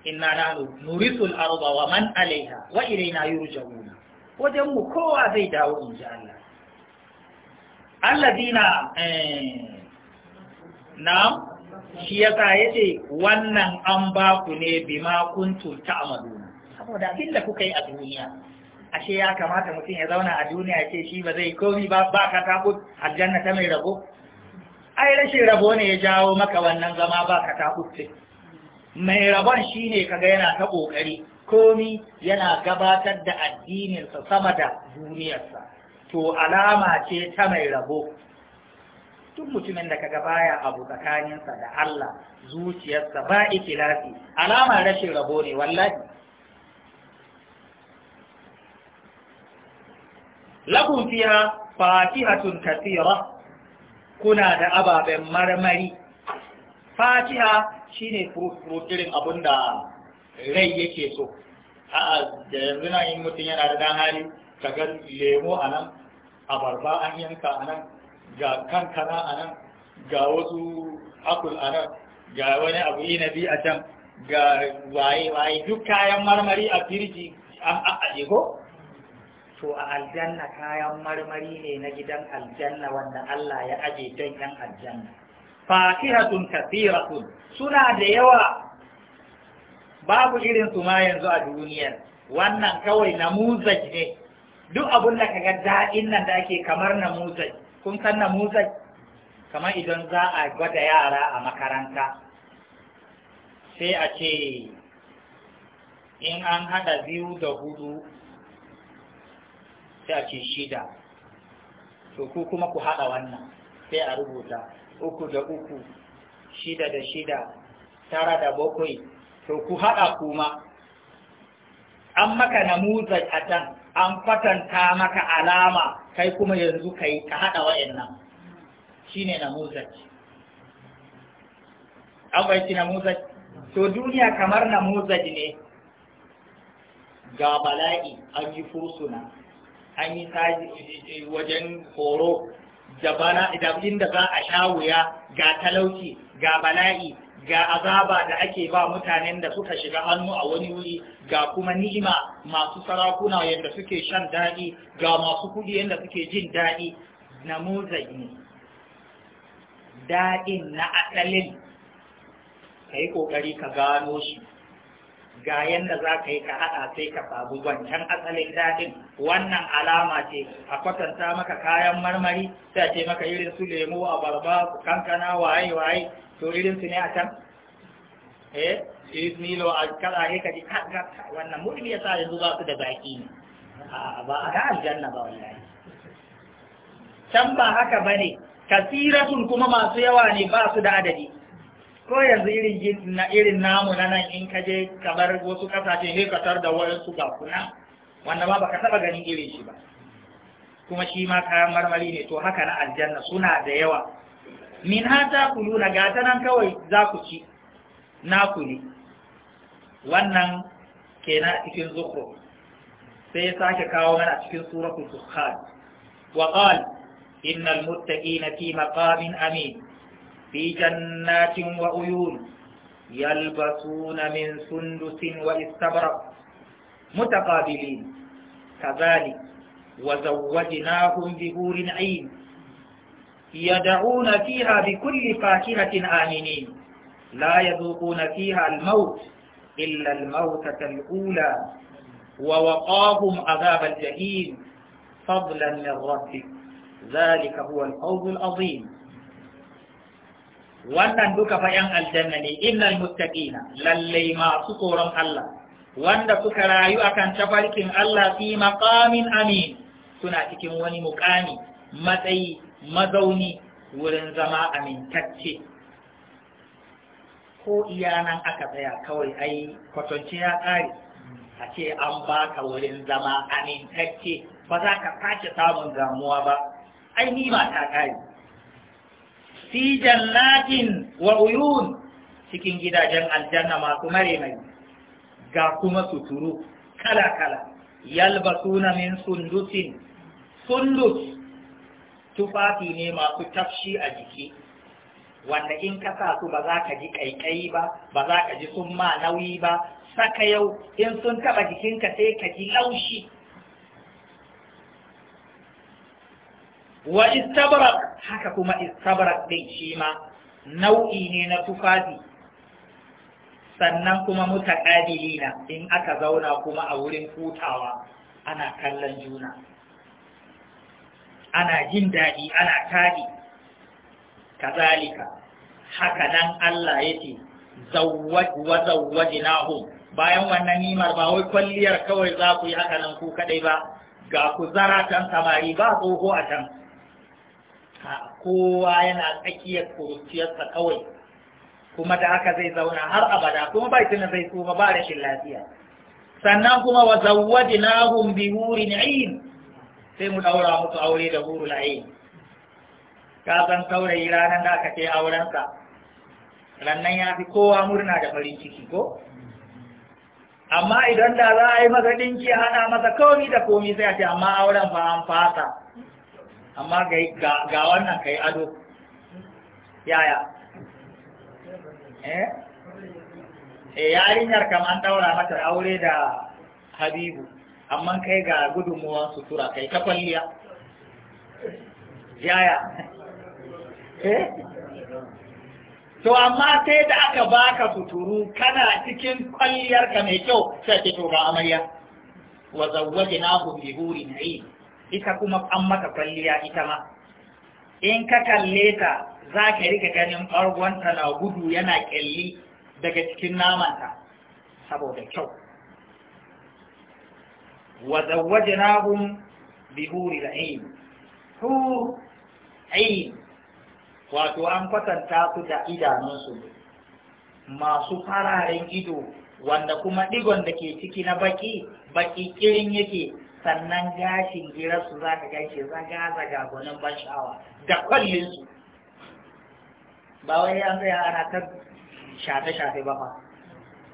inna nahnu nurisul arda wa man alaiha wa ilaina yurja'una wajen mu kowa zai dawo in ji Allah alladina na shi yasa yace wannan an ba ku ne bima kuntum ta'malun saboda abin da kuka yi a duniya ashe ya kamata mutum ya zauna a duniya ce shi ba zai komi ba ba ka aljanna ta mai rabo ai rashin rabo ne ya jawo maka wannan zama ba ka ce mai rabon shine kaga yana ta kokari komi yana gabatar da addininsa sama da duniyarsa to alama ce ta mai rabo duk mutumin da kaga baya abu tsakaninsa da Allah zuciyarsa ba ikilasi alama rashin rabo ne wallahi lakum fiha fatihatun kathira kuna da ababen marmari fatiha shine fruit fruit irin abunda rai yake so a da yanzu na yin mutum yana da dan hali kaga lemo anan abarba an yanka anan ga kankana anan ga wasu akul anan ga wani abu inabi a can ga waye waye duk kayan marmari a firji an aɗe ko to a aljanna kayan marmari ne na gidan aljanna wanda Allah ya aje don ‘yan aljanna. Fakihatun kafiratun suna da yawa babu irin su ma yanzu a duniyar wannan kawai namuzaj ne duk abin da kaga daɗin nan da ake kamar namuzaj kun san namuzaj kamar idan za a gwada yara a makaranta sai a ce in an haɗa biyu da hudu sai a ce shida to ku kuma ku haɗa wannan sai a rubuta uku da uku shida da shida tara da bakwai to ku haɗa kuma an maka namuza a can an kwatanta maka alama kai kuma yanzu kai ka haɗa wa'annan na namuzaj an na namuzaj to duniya kamar na namuzaj ne ga bala'i an yi fursuna an yi wajen horo da bana idan inda za a sha wuya ga talauci ga bala'i ga azaba da ake ba mutanen da suka shiga hannu a wani wuri ga kuma ni'ima masu sarakuna yadda suke shan daɗi ga masu kuɗi yadda suke jin daɗi na ne daɗin na asalin ka yi ƙoƙari ka gano shi ga yadda za ka yi ka haɗa sai ka sabu wancan asalin daɗin wannan alama ce a kwatanta maka kayan marmari sai a ce maka irin su lemu a barba kankana waye waye to irin su ne a can eh iris milo a kaza ne ka ji wannan mulmi ya sa yanzu ba su da baƙi ne ba a ga aljanna ba wallahi can ba haka bane kasiratun kuma masu yawa ne ba su da adadi ko yanzu irin na irin namu na nan in ka je kamar wasu kasashe sai ka tar da wayansu kuna wanda ba baka taba ganin irin shi ba kuma shi ma kayan marmari ne to haka na aljanna suna da yawa min hata kuluna ga ta nan kawai za ku ci na ku ne wannan kenan cikin zuhru, sai ya sake kawo mana cikin suratul fukhad wa qala innal muttaqina fi maqamin amin في جنات وعيون يلبسون من سندس واستبرق متقابلين كذلك وزوجناهم بهور عين يدعون فيها بكل فاكهة آمنين لا يذوقون فيها الموت إلا الموتة الأولى ووقاهم عذاب الجحيم فضلا من ربك ذلك هو الفوز العظيم wannan duka fa yan aljanna ne innal muttaqina lallai masu tsoron Allah wanda suka rayu akan tafarkin Allah fi maqamin amin suna cikin wani muƙami matsayi mazauni wurin zama amintacce ko iya nan aka tsaya kawai ai kwatance ya ƙare a ce an baka wurin zama amintacce ba za ka sake samun damuwa ba ai ni ma ta ƙare fi jannatin wa uyun cikin gidajen aljanna masu mare mai ga kuma suturu kala kala yalbasuna min sundusin sundus tufafi ne masu tafshi a jiki wanda in ka sa su ba za ka ji ƙaiƙayi ba ba za ka ji sun ma nauyi ba saka yau in sun taɓa jikinka sai ka ji laushi wa istabrak haka kuma istabrak ɗin shi ma nau'i ne na tufafi sannan kuma mutaƙabilina in aka zauna kuma a wurin hutawa ana kallon juna ana jin daɗi ana taɗi kazalika haka nan Allah yake ce wa zawwajnahu bayan wannan nimar ba wai kwalliyar kawai za ku yi haka nan ku kadai ba ga ku kan samari ba tsoho a can kowa yana tsakiyar kuruciyarsa kawai kuma da haka zai zauna har abada kuma ba tuna zai kuma ba rashin lafiya sannan kuma wa zawwadnahum bi hurin ayn sai mu daura musu aure da hurul ayn ka san saurayi ranar da aka ce aurensa rannan ya fi kowa murna da farin ciki ko amma idan da za a yi masa dinki hana masa komi da komi sai a ce amma auren fa an fasa amma ga wannan ka yi ado yaya eh, eh yarinyar an daura mata aure da habibu amma kai ga gudunmuwan sutura kai ta kwalliya yaya eh to amma sai da aka baka suturu kana cikin kwalliyarka mai kyau sai ke to ga amarya wa zawwajnahu bi hurin ita kuma an maka kwalliya ita ma in ka kalle ta za ka rika ganin ɓargonta na gudu yana ƙyalli daga cikin namanta saboda kyau wa zawwajnahum bihuri da ainihi, hu ainihi, wato an kwatanta su da idanunsu masu fararen ido wanda kuma ɗigon da ke ciki na baki baki kirin yake sannan gashin girarsu za ka gaishe zaga-zaga gwanin ban sha'awa da kwallinsu ba wai an tsaya ana ta shafe-shafe ba fa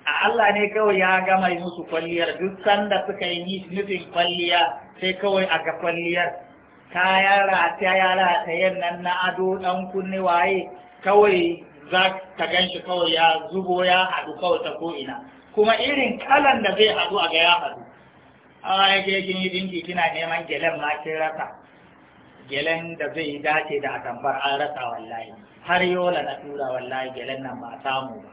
a Allah ne kawai ya gama yi musu kwalliyar duk sanda suka yi nufin kwalliya sai kawai a ga kwalliyar ta yara ta ratayen nan na ado dan kunne waye kawai za ka gan kawai ya zubo ya haɗu kawai ta ko'ina kuma irin kalan da zai haɗu a ga ya haɗu a ke kin yi dinki kina neman gelen ma kin rasa gelen da zai dace da atambar an rasa wallahi har yola na tura wallahi gelen nan ba samu ba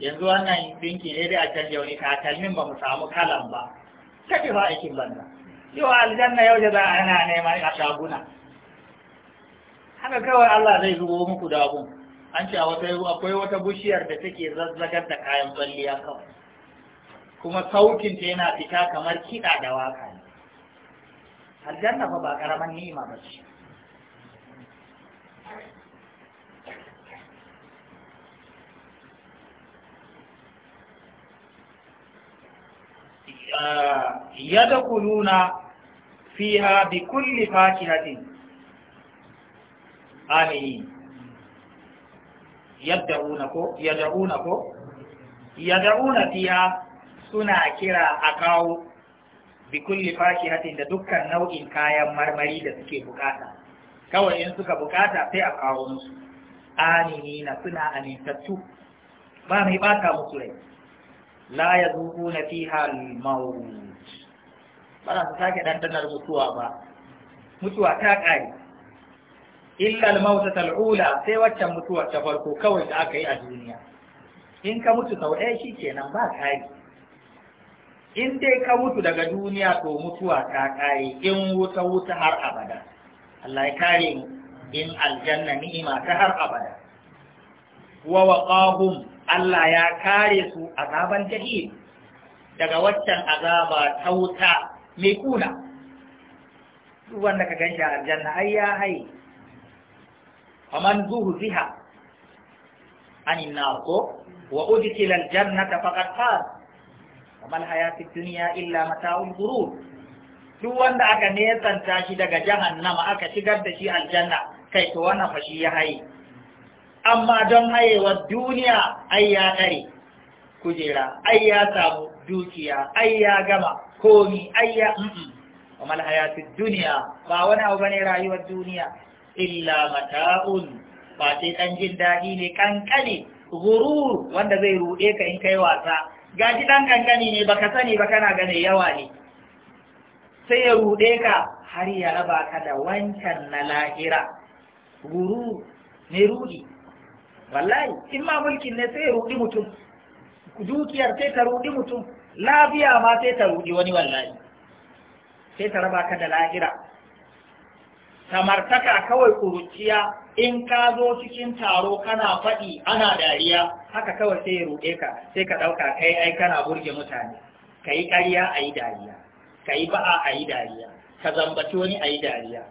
yanzu wannan dinki ne dai a canja wani takalmin ba mu samu kalan ba ta fa aikin banza yau aljanna yau da za a ana neman a shaguna haka kawai Allah zai zubo muku da abun an ce akwai wata bushiyar da take zazzagar da kayan kwalliya kawai kuma saukin ta yana fita kamar kiɗa da waka ne aljanna ba karaman nima ba ce yadkhuluna fiha bi kulli fakihatin amin yad'una ko yad'una ko yad'una fiha suna kira a kawo bikulli fakihatin da dukkan nau'in kayan marmari da suke bukata kawai in suka bukata sai a kawo musu na suna amintattu ba mai bata musu rai la ya zuku na fiha al-maut ba za su sake dandanar mutuwa ba mutuwa ta ƙare illa al-maut tal'ula sai waccan mutuwar ta farko kawai da aka yi a duniya in ka mutu sau ɗaya shi kenan ba kari in dai ka mutu daga duniya to mutuwa ta kare in wuta wuta har abada Allah ya kare mu in aljanna ni'ima ta har abada wa waqahum Allah ya kare su azaban jahim daga waccan azaba ta wuta mai kuna duk wanda ka ganshi a aljanna ai ya hai faman zuhziha anin nar ko wa udkhila aljannata faqad faz kamar hayati duniya illa mata'ul ghurur duk wanda aka nesanta shi daga jahannama aka shigar da shi aljanna kai to wannan fashi ya haye amma don hayewar duniya ai ya dare kujera ai ya samu dukiya ai ya gama komi ai ya kamar hayati duniya ba wani abu bane rayuwar duniya illa mataul ba sai kan jin daɗi ne kankane gurur wanda zai ruɗe ka in kai wasa gaji ɗan ƙanƙani ne baka sani ba kana gane yawa ne sai ya ruɗe ka har ya raba ka da wancan na lahira guru ne ruɗi wallahi in ma mulkin ne sai ya ruɗi mutum dukiyar sai ta ruɗi mutum lafiya ma sai ta ruɗi wani wallahi sai ta raba ka da lahira samartaka kawai kuruciya in ka zo cikin taro kana faɗi ana dariya haka kawai sai ya ruɗe ka sai ka ɗauka kai ai kana burge mutane ka yi ƙarya a yi dariya ka yi ba'a a yi dariya ka zambaci wani a yi dariya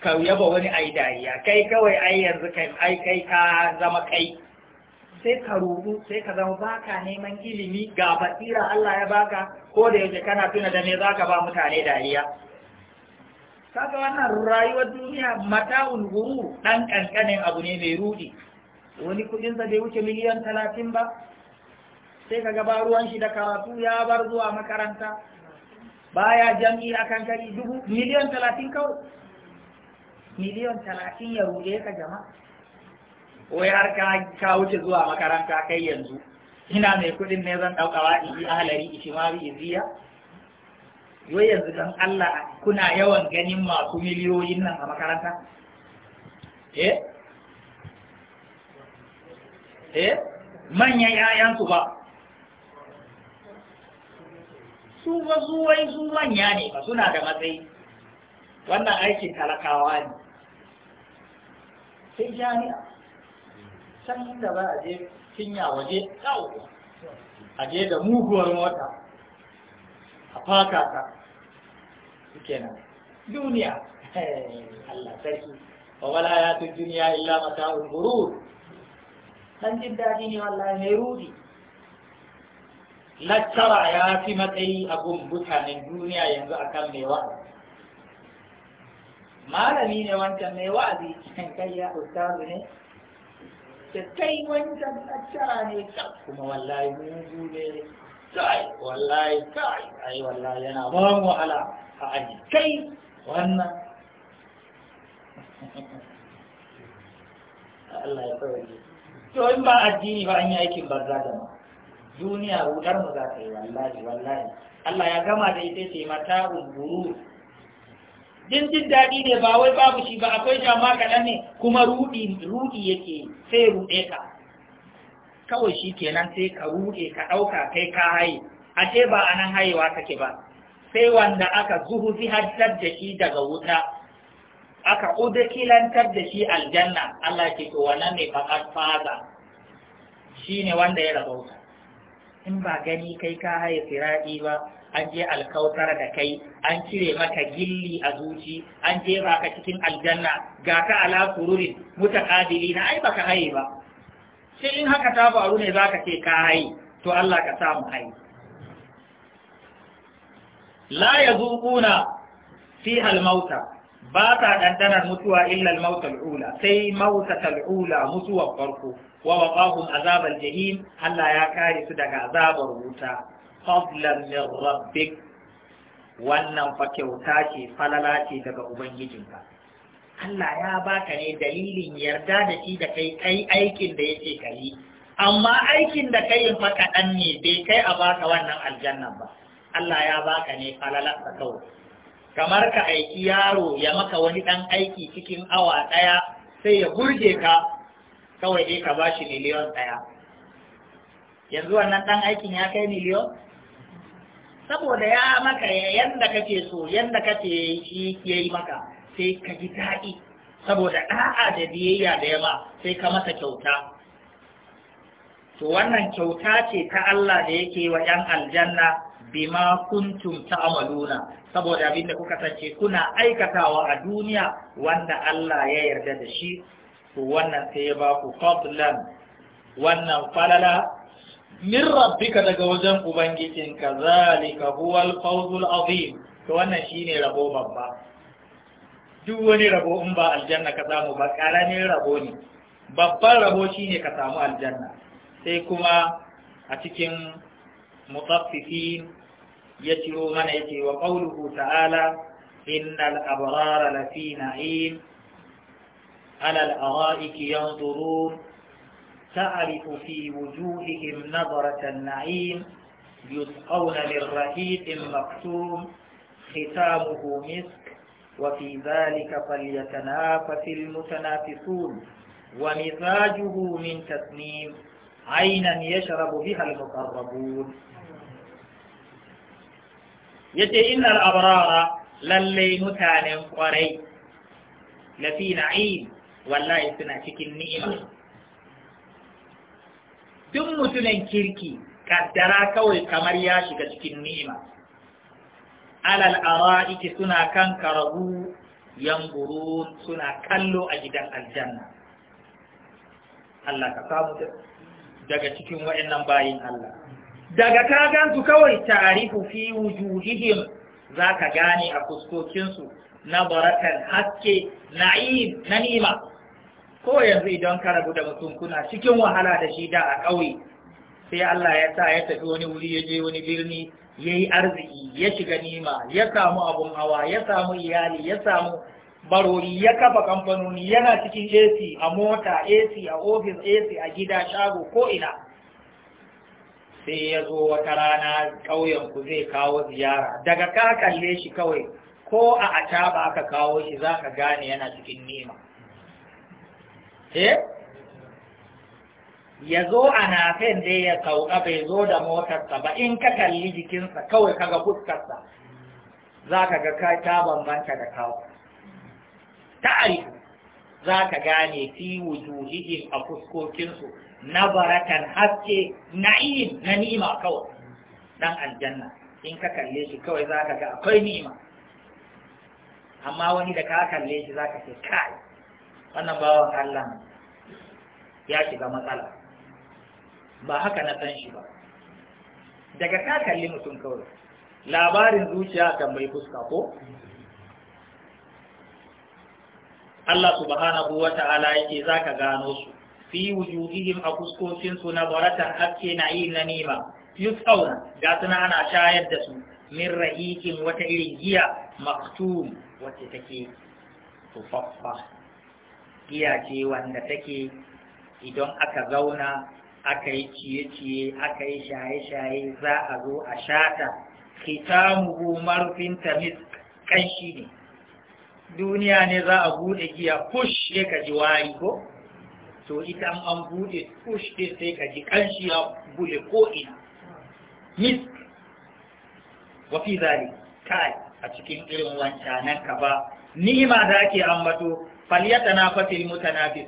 ka yaba wani a yi dariya kai kawai ai yanzu kai ai kai ka zama kai sai ka rubu sai ka zama baka neman ilimi ga basira Allah ya baka ko da yake kana tuna da me zaka ba mutane dariya kaga wannan rayuwar duniya mata'un guru dan kankanin abu ne mai rudi wani kudin sa bai wuce miliyan talatin ba sai kaga ba ruwan shi da karatu ya bar zuwa makaranta baya jam'i akan kari dubu miliyan talatin kawai miliyan talatin ya rude ka jama'a wai har ka wuce zuwa makaranta kai yanzu ina mai kudin ne zan dauka wa ahlari ishimari iziya wai yanzu don Allah kuna yawan ganin masu miliyoyin nan a makaranta? Eh? Eh? Manyan ‘ya'yansu ba. Su ba su wai su manya ne ba suna da matsayi. Wannan aikin talakawa ne. Sai jami'a. Can inda ba a je cinya waje, a je da muguwar mota. a faka ka kenan duniya Allah sarki wa wala ya tu duniya illa mata'ul ghurur dan jin daɗi ne wallahi mai rudi lattara ya fi matsayi a gun mutanen duniya yanzu akan mai wa'azi malami ne wancan mai wa'azi kai ya ustazu ne da kai wancan lattara ne kuma wallahi mu ne kai wallahi kai ai wallahi yana ba mu wahala a aji kai wannan Allah ya to in ba addini ba an yi aikin banza da duniya mu za ta yi wallahi wallahi Allah ya gama da ita ce mata umburu jin ne ba wai babu shi ba akwai kuma rudi yake sai ka kawai shi kenan sai ka ruɗe ka ɗauka kai ka haye ashe ba a nan hayewa take ba sai wanda aka zuhu fi haddar da shi daga wuta aka udukilantar da shi aljanna Allah ke to wannan ne faƙar faza shi ne wanda ya rabauta in ba gani kai ka haye siraɗi ba an je alkautar da kai an cire maka gilli a zuci an je ba ka cikin aljanna ga ka ala sururin mutaƙadili na ai baka haye ba sai in haka ta faru ne za ka ce ka hayi to Allah ka samu hayi la ya zuƙuna fi halmauta ba ta ɗanɗanar mutuwa illal mautal ula sai mautatal ula mutuwar farko wa waqahum azabar jahim Allah ya kare su daga azabar wuta fadlan min rabbik wannan fa kyauta ce falala ce daga ubangijinka Allah ya baka ne dalilin yarda da shi da kai kai aikin da yake kai amma aikin da kai fa kaɗan ne bai kai a baka wannan aljannan ba Allah ya baka ne falalarsa kawo kamar ka aiki yaro ya maka wani dan aiki cikin awa ɗaya sai ya burge ka kawai dai ka bashi miliyon ɗaya yanzu wannan dan aikin ya kai miliyon saboda ya maka yanda kake so yanda kake shi ya yi maka sai ka ji daɗi saboda ɗa'a da biyayya da yama sai ka masa kyauta to wannan kyauta ce ta Allah da yake wa ‘yan aljanna bima kuntum ta'amaluna saboda abin da kuka sance kuna aikatawa a duniya wanda Allah ya yarda da shi to wannan sai ya ba ku fadlan wannan falala min rabbika daga wajen ubangijinka zalika huwal fawzul azim to wannan shine rabo babba duk wani rabo in ba aljanna ka samu ba ƙaramin rabo ne babban rabo shine ka samu aljanna sai kuma a cikin mutaffifin ya ciro mana yace wa qauluhu ta'ala innal abrara lafi na'im ala al-ara'iki yanzurun ta'rifu fi wujuhihim nadrata an-na'im yusqawna min rahiqin maktum ختامه مسك وفي ذلك فليتنافس المتنافسون ومزاجه من تسنيم عينا يشرب بها المقربون يتي إن الأبرار للي متان قري لفي نعيم والله يسنى شكل نعيم ثم سنين كيركي كدراك والكمرياش كشكل نعيم alal ara'iki suna kan karabu yanzurun suna kallo a gidan aljanna Allah ka samu daga cikin waɗannan bayin Allah daga ka gansu kawai tarihu fi wujuhihim zaka gane a fuskokinsu na barakan haske na'im na nima ko yanzu idan ka rabu da mutum kuna cikin wahala da shi da a ƙauye sai Allah ya sa ya tafi wani wuri ya je wani birni ya yi arziki ya shiga nima ya samu abun hawa ya samu iyali ya samu barori ya kafa kamfanoni yana cikin ac a mota ac a ofis ac a gida shago ko ina sai ya zo wata rana ƙauyenku zai kawo ziyara daga ka kalle shi kawai ko a acaba aka kawo shi za ka gane yana cikin nema. eh ya zo a nafen da ya sauka bai zo da motarsa ba in ka kalli jikinsa kawai kaga fuskarsa za ka ga ka ta bambanta da kawo aiki za ka gane fi wujuhihim a fuskokinsu na baratan haske na iya na nima kawai dan aljanna in ka kalle shi kawai za ka ga akwai nima. amma wani da ka kalle shi za ka ce kai wannan bawan Allah ya shiga matsala ba haka na san shi ba daga ka kalli mutum kawai labarin zuciya kan bai fuska ko Allah subhanahu wa ta'ala yake zaka gano su fi wujuhihim a fuskokin su na baratar hakke na yi na nima yusau ga suna ana shayar da su min wata irin giya maktum wacce take tufaffa giya ce wanda take idan aka zauna aka yi ciye-ciye aka yi shaye-shaye za a zo a shata kitamuhu marfin tamis kanshi ne duniya ne za a buɗe giya push sai ka ji wari ko to ita an buɗe push ɗin sai ka ji kanshi ya buɗe ko'ina misk wafi zali kai a cikin irin wancanan ka ba ni'ima da ake ambato falyata na fatil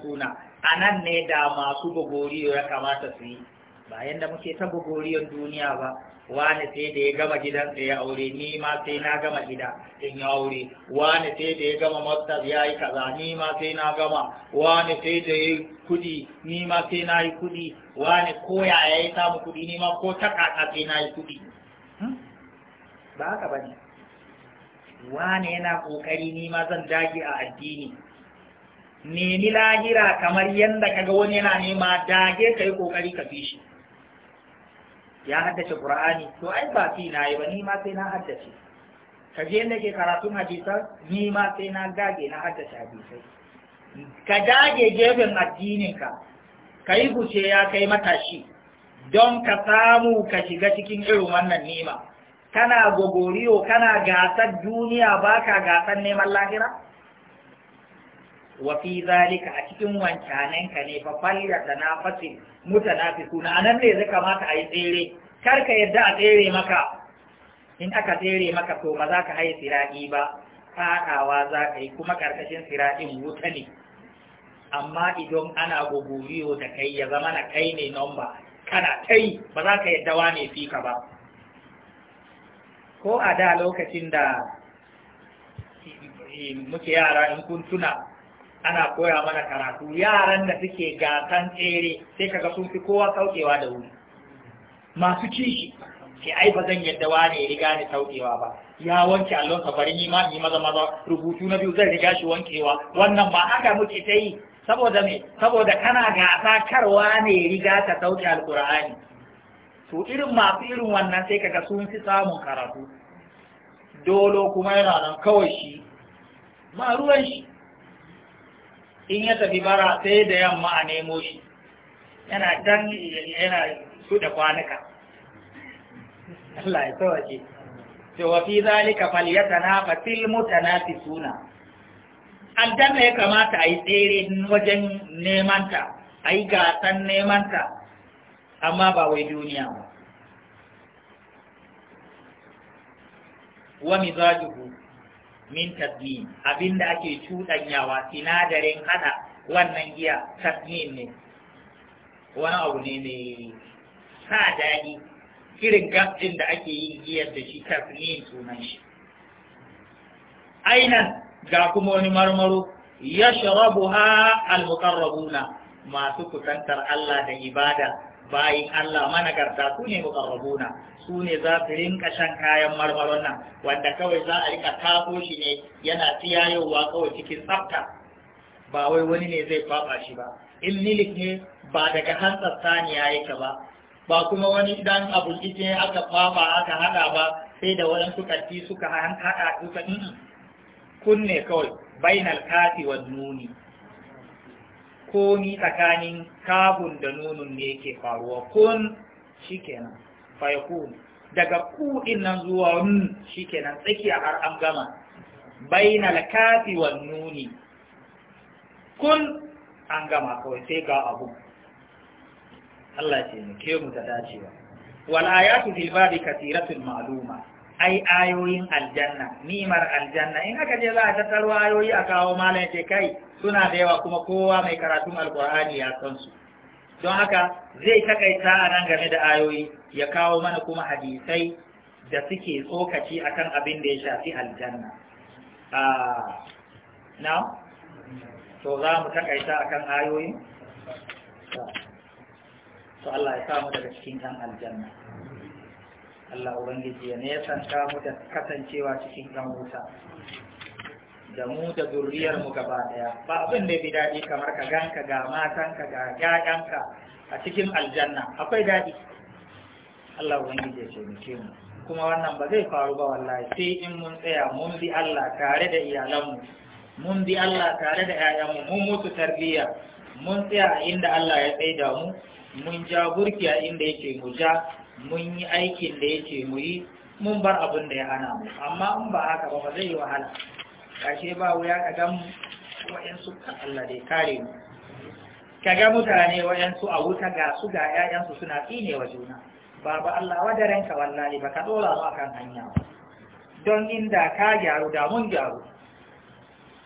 suna. a nan ne da masu gogoriyo ya kamata su yi ba yadda muke ta gogoriyon duniya ba wani sai da ya gama sai ya aure ni ma sai na gama gida in ya aure wani sai da ya gama masters ya yi kaza ni ma sai na gama wani sai da ya yi kudi ni ma sai na yi kudi wani ko ya yi samu kudi ni ma ko ta kaka sai na yi kudi hmm? ba haka ne wani yana kokari ni ma zan dage a addini nemi lahira kamar yadda kaga wani yana nema dage ka yi kokari ka fi shi ya haddace qur'ani to ai ba fi na yi ba ni ma sai na haddace ka je yadda ke karatun hadisan ni ma sai na dage na haddace hadisai ka dage gefen addininka ka yi guce ya kai matashi don ka samu ka shiga cikin irin wannan nema kana gogoriyo kana gasar duniya baka gasar neman lahira wa zalika a cikin wancanen ka ne fa fi tanafasi mutanafisuna nan ne zai kamata a yi tsere kar ka yadda a tsere maka in aka tsere maka to ba za ka haye siraɗi ba faɗawa za ka yi kuma ƙarƙashin siraɗin wuta ne amma idan ana gogoriyo da kai ya zama na kai ne nomba kana kai ba za ka yadda wane fi ka ba ko a da lokacin da muke yara in kun tuna ana koya mana karatu yaran da suke gasan tsere sai kaga sun fi kowa saukewa da wuri masu kishi ke ai ba zan yadda wane ya riga ni saukewa ba ya wanke allon bari ni ma ni maza maza rubutu na biyu zai riga shi wankewa wannan ba haka muke ta yi saboda me saboda kana gasa karwa ne ya riga ta sauke alkur'ani to irin masu irin wannan sai kaga sun fi samun karatu dolo kuma yana nan kawai shi ma ruwan shi in ya tafi bara sai da yamma a nemo shi yana dan yana su da kwanuka Allah ya tsawace to wa fi zalika falyatanafasil mutanafisuna dan ya kamata a yi tsere wajen nemanta a yi gasan nemanta amma ba wai duniya ba wa mizajuhu min tasmin abinda ake cuɗanyawa sinadarin haɗa wannan giya tasmin ne wani abu ne mai sa daɗi irin gasɗin da ake yin giyar da shi tasmin sunan shi ainan ga kuma wani marmaro ya sharabu ha almuqarrabuna masu kusantar Allah da ibada bayin Allah managarta su ne mukarrabuna su ne za su rinka shan kayan marmaron nan wanda kawai za a rika tako shi ne yana tiyayowa kawai cikin tsafta ba wai wani ne zai faɓa shi ba in nilik ne ba daga hantar saniya yake ba ba kuma wani dan abu ita aka kwaba aka hada ba sai da waɗansu ƙarfi suka hada suka kunne kawai bainal kafi wa nuni ni tsakanin Kafin da nunun ne yake faruwa kun shikenan fayakun daga kuɗin nan zuwa nun shikenan tsakiya har an gama bainal kafi wan nuni kun an gama kawai sai ga abu Allah ya ke mu da dacewa wal ayatu fil babi ma'luma ai ayoyin aljanna nimar aljanna in aka je za a tattaro ayoyi a kawo malam ce kai suna da yawa kuma kowa mai karatun alkur'ani ya san su don haka zai takaita a nan game da ayoyi ya kawo mana kuma hadisai da suke tsokaci akan abin da ya shafi aljanna ah, na to za mu takaita akan ayoyi to Allah ya samu daga cikin kan aljanna Allah Ubangiji ya nesanta mu da kasancewa cikin 'yan wuta da mu da zuriyar mu gaba daya ba abin da bi daɗi kamar ka ganka ga matanka ga ƴaƴanka a cikin aljanna akwai daɗi Allah Ubangiji ya taimake mu kuma wannan ba zai faru ba wallahi sai in mun tsaya mun bi Allah tare da iyalanmu mun bi Allah tare da ƴaƴanmu mun mutu tarbiyya mun tsaya inda Allah ya da mu mun ja burki a inda yake mu ja mun yi aikin da yake mu yi mun bar abin da ya hana mu amma in ba haka ba zai yi wahala kashe ba wuya ka ga wa'yansu kan Allah da ya kare mu ka ga mutane wa'yansu a wuta ga su ga 'ya'yansu suna tsine wa juna babu Allah wadaranka wallahi ba ka dora su kan hanya don inda ka gyaru da mun gyaru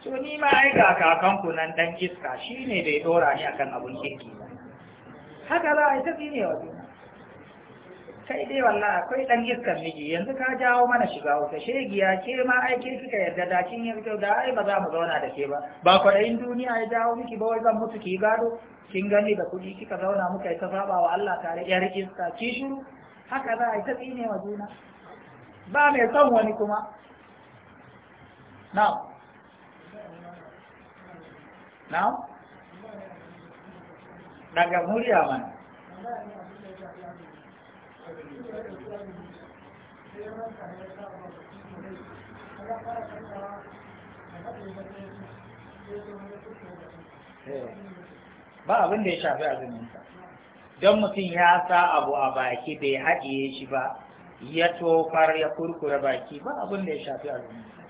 to ni ma ai ga kakanku nan dan iska shine da ya dora ni akan abun kiki haka za a yi ta tsine wa juna kai dai wallah akwai dan iskar miji yanzu ka jawo mana shiga wuta shegiya ke ma aiki kika yarda da kin yarda da ai ba za mu zauna da ke ba ba kwaɗayin duniya ya jawo miki ba wai zan mutu ki gado kin gani da kuɗi kika zauna muka yi ta saba wa Allah tare yar iska ki shiru haka za a yi ta tsine wa juna ba mai son wani kuma na'am na'am daga murya mana ba abin da ya shafi azuminsa don mutum ya sa abu a baki bai haɗiye shi ba ya tofar ya kurkure baki ba abin da ya shafi azuminsa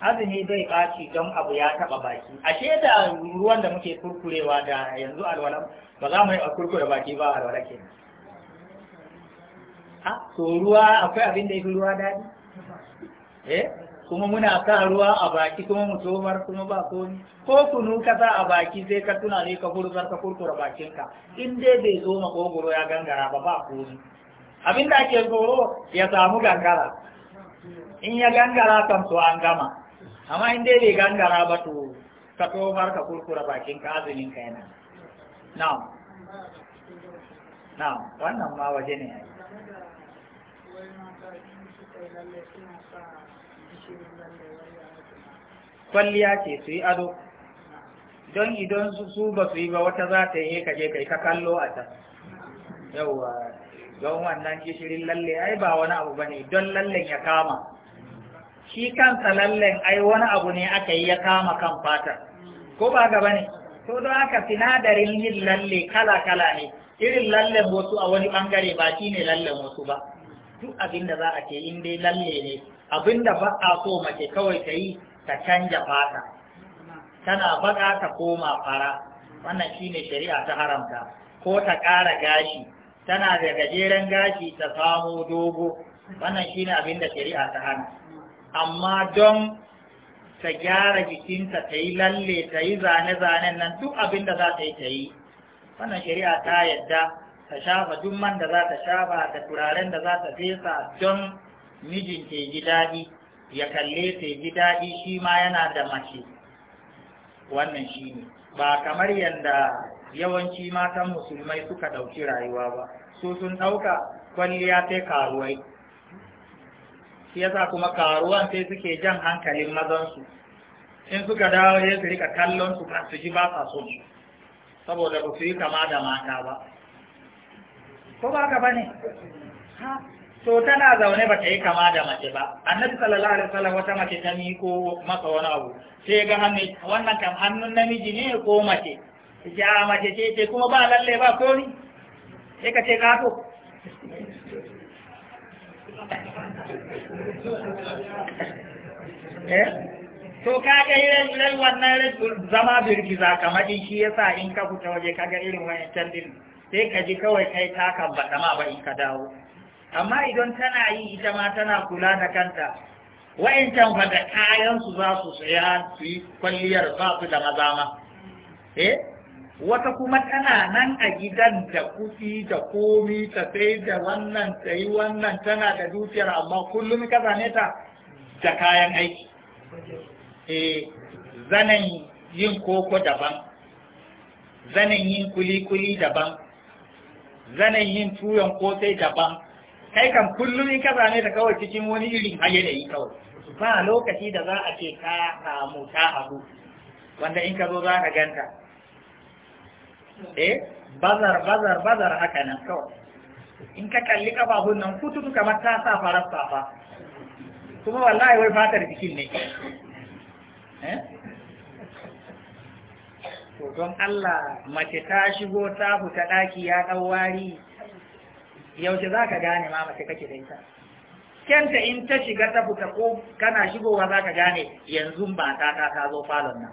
azumi bai ɓaci don abu ya taɓa baki ashe da ruwan da muke kurkurewa da yanzu alwala ba za mu yi a kurkure baki ba alwala kenan ha to ruwa akwai abin da yake ruwa dadi? eh kuma muna sa ruwa a baki kuma mu tomar kuma ba komi ko kunu ka sa a baki sai ka tuna ne ka gurzar ka kurkura bakinka in dai bai zo makogoro ya gangara ba ba komi abin da ake tsoro ya samu gangara in ya gangara kan to an gama amma in dai bai gangara ba to ka tomar ka kurkura bakinka azumin ka yana na'am
na'am wannan ma waje ne
ai kwalliya ce su yi ado don idan su ba su yi ba wata za ta yi kaje kai ka kallo a ta yauwa don wannan gishirin lalle ai ba wani abu ba ne don lallen ya kama shi kansa lallen ai wani abu ne aka yi ya kama kan fata ko ba gaba ne to don aka sinadarin yin lalle kala kala ne irin lallen wasu a wani bangare ba shi ne lallen wasu ba duk abin da za a ce in dai lalle ne abin da ba a so mace kawai ta yi ta canja fata tana baka ta koma fara wannan shine shari'a ta haramta ko ta ƙara gashi tana da gajeren gashi ta samu dogo wannan shine abin da shari'a ta hana amma don ta gyara jikinta ta yi lalle ta yi zane-zanen nan duk abin da za ta yi ta yi wannan shari'a ta yadda ta shafa duk da za ta shafa da turaren da za ta fesa don mijin ke ji daɗi ya kalle ta ji daɗi shi ma yana da mace wannan shi ne ba kamar yadda yawanci matan musulmai suka ɗauki rayuwa ba su sun ɗauka kwalliya sai karuwai shi yasa kuma karuwan sai suke jan hankalin mazansu in suka dawo ya su rika kallon su su ji ba sa son saboda ba su yi kama da mata ba ko ba ka bane ha to tana zaune ba ta yi kama da mace ba annabi sallallahu alaihi wasallam wata mace ta miko maka wani abu sai ga hannu wannan kam hannun namiji ne ko mace ya mace ce ce kuma ba lalle ba ko ni sai ka ce eh? ka to to kaga irin wannan zama birgiza kamar shi yasa in ka fita waje kaga irin wannan can din sai ka ji kawai kai ta kan baɗa ma ba in ka dawo amma idan tana yi ita ma tana kula da kanta can fa da kayan su za su tsaya su yi kwalliyar ba su da maza eh wata kuma tana nan a gidan da kufi da komi ta sai da wannan ta yi wannan tana da dukiyar amma kullum ka zane ta da kayan aiki eh zanen yin koko daban zanen yin kuli-kuli daban zanen yin tuyon kosai daban kai kan kullum in ka same ta kawai cikin wani irin da yi kawai ba lokaci da za a ce ka samu ta hagu wanda in ka zo za ka ganta eh bazar bazar bazar haka nan kawai in ka kalli kafafun nan kutu kamar ta sa farar safa kuma wallahi wai fatar jikin ne eh to don Allah mace ta shigo ta fita ɗaki ya ɗau wari yaushe za ka gane ma mace kake da ita kenta in ta shiga ta fita ko kana shigowa za ka gane yanzu ba ta ta ta zo falon nan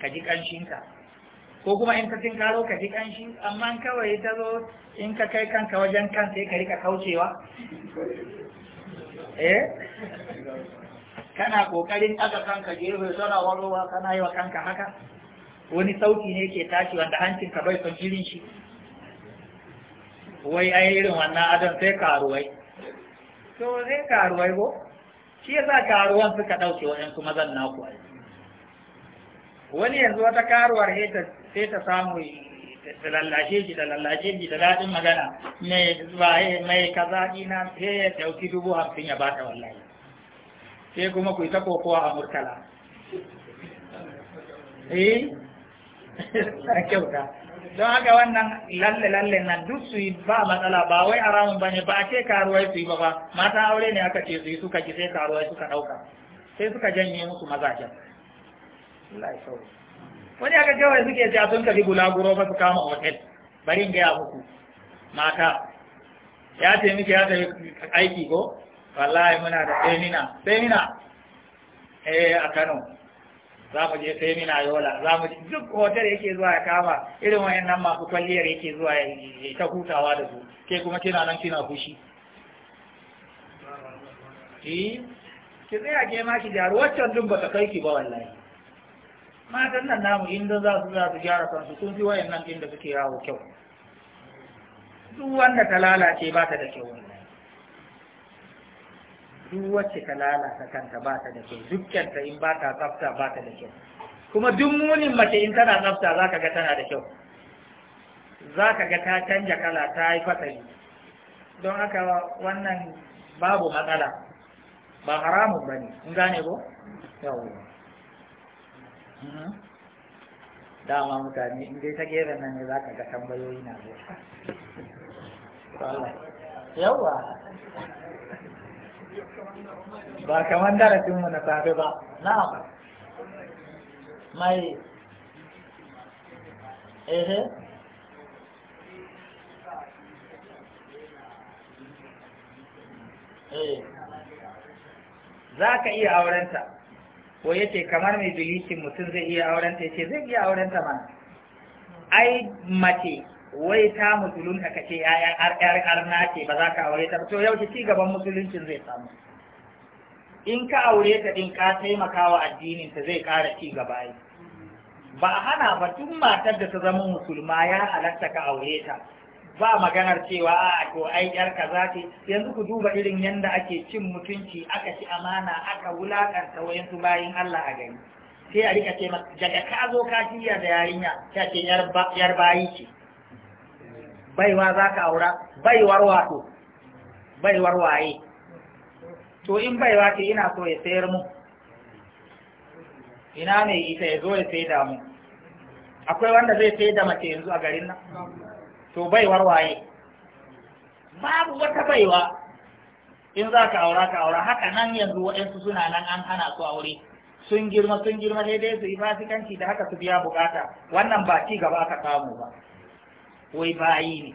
ka ji ƙanshinka ko kuma in ka tin karo ka ji ƙanshi amma kawai ta zo in ka kai kanka wajen kan sai ka rika kaucewa eh kana kokarin aka kanka gefe tana warowa kana yi wa kanka haka wani sauti ne ke tashi wanda hancin ka bai son jirin shi wai ai irin wannan adam sai karuwai to zai karuwai ko shi yasa karuwan suka dauke wajen kuma zan naku ai wani yanzu wata karuwar sai ta samu da lallashe shi da lallashe shi da daɗin magana mai waye mai kaza ina sai ya ɗauki dubu hamsin ya bata wallahi sai kuma ku yi ta kokowa a murtala eh kyauta don haka wannan lalle-lalle na duk su yi ba matsala ba wai a ba ne ba a ce karuwai su yi ba ba mata aure ne aka ce su yi suka ki sai karuwai suka ɗauka sai suka janye musu mazajen wani aka kawai suke ce sun tafi gulaguro ba su kama hotel bari in gaya muku mata ya ce miki ya tafi aiki ko wallahi muna da semina semina eh a kano za mu je sai mina yola za mu duk hotel yake zuwa ya kama irin wayannan masu kwalliyar yake zuwa ya ta hutawa da su ke kuma kina nan kina fushi ki eh, ki tsaya ke ma ki jaru waccan dun baka kai ki ba wallahi matan nan namu inda za su za su gyara kansu sun fi wayannan inda suke yawo kyau duk wanda ta lalace ba ta da kyau duk wacce ka lalata kanta ba ta da kyau dukkan ta in ba ta tsafta ba ta da kyau kuma duk munin mace in tana tsafta za ka ga tana da kyau za ka ga ta canja kala ta yi fasali don haka wannan babu matsala ba haramun ba ne in gane ko? Yau! Mhm. dama mutane in dai ta gera nan ne za ka ga tambayoyi na zuwa yawa ba kamar darasinmu na safe ba na mai ehe eh. za ka iya aurenta ko yace kamar mai bilishin mutum zai iya aurenta yace zai iya aurenta mana ai mace wai ta musulunta ce yayan ar na ce ba za ka aure ta to yaushe ci gaban musuluncin zai samu in ka aure ta din ka taimaka wa addinin ta zai ƙara ci gaba yi ba a hana ba tun matar da ta zama musulma ya halatta ka aure ta ba maganar cewa a to ai yar kaza ce yanzu ku duba irin yanda ake cin mutunci aka ci amana aka wulakanta wayansu bayin Allah a gani. sai a rika ce daga ka zo ka da yarinya ta ce yar bayi ce baiwa za ka aura baiwar wato baiwar waye to in baiwa ce ina so ya sayar mu ina mai ita ya zo ya sai da mu akwai wanda zai sai da mace yanzu a garin nan to baiwar waye babu wata baiwa in za ka aura ka aura haka nan yanzu waɗansu suna nan an hana su aure sun girma sun girma daidai su yi fasikanci da haka su biya bukata wannan ba ci gaba aka samu ba wai bayi ne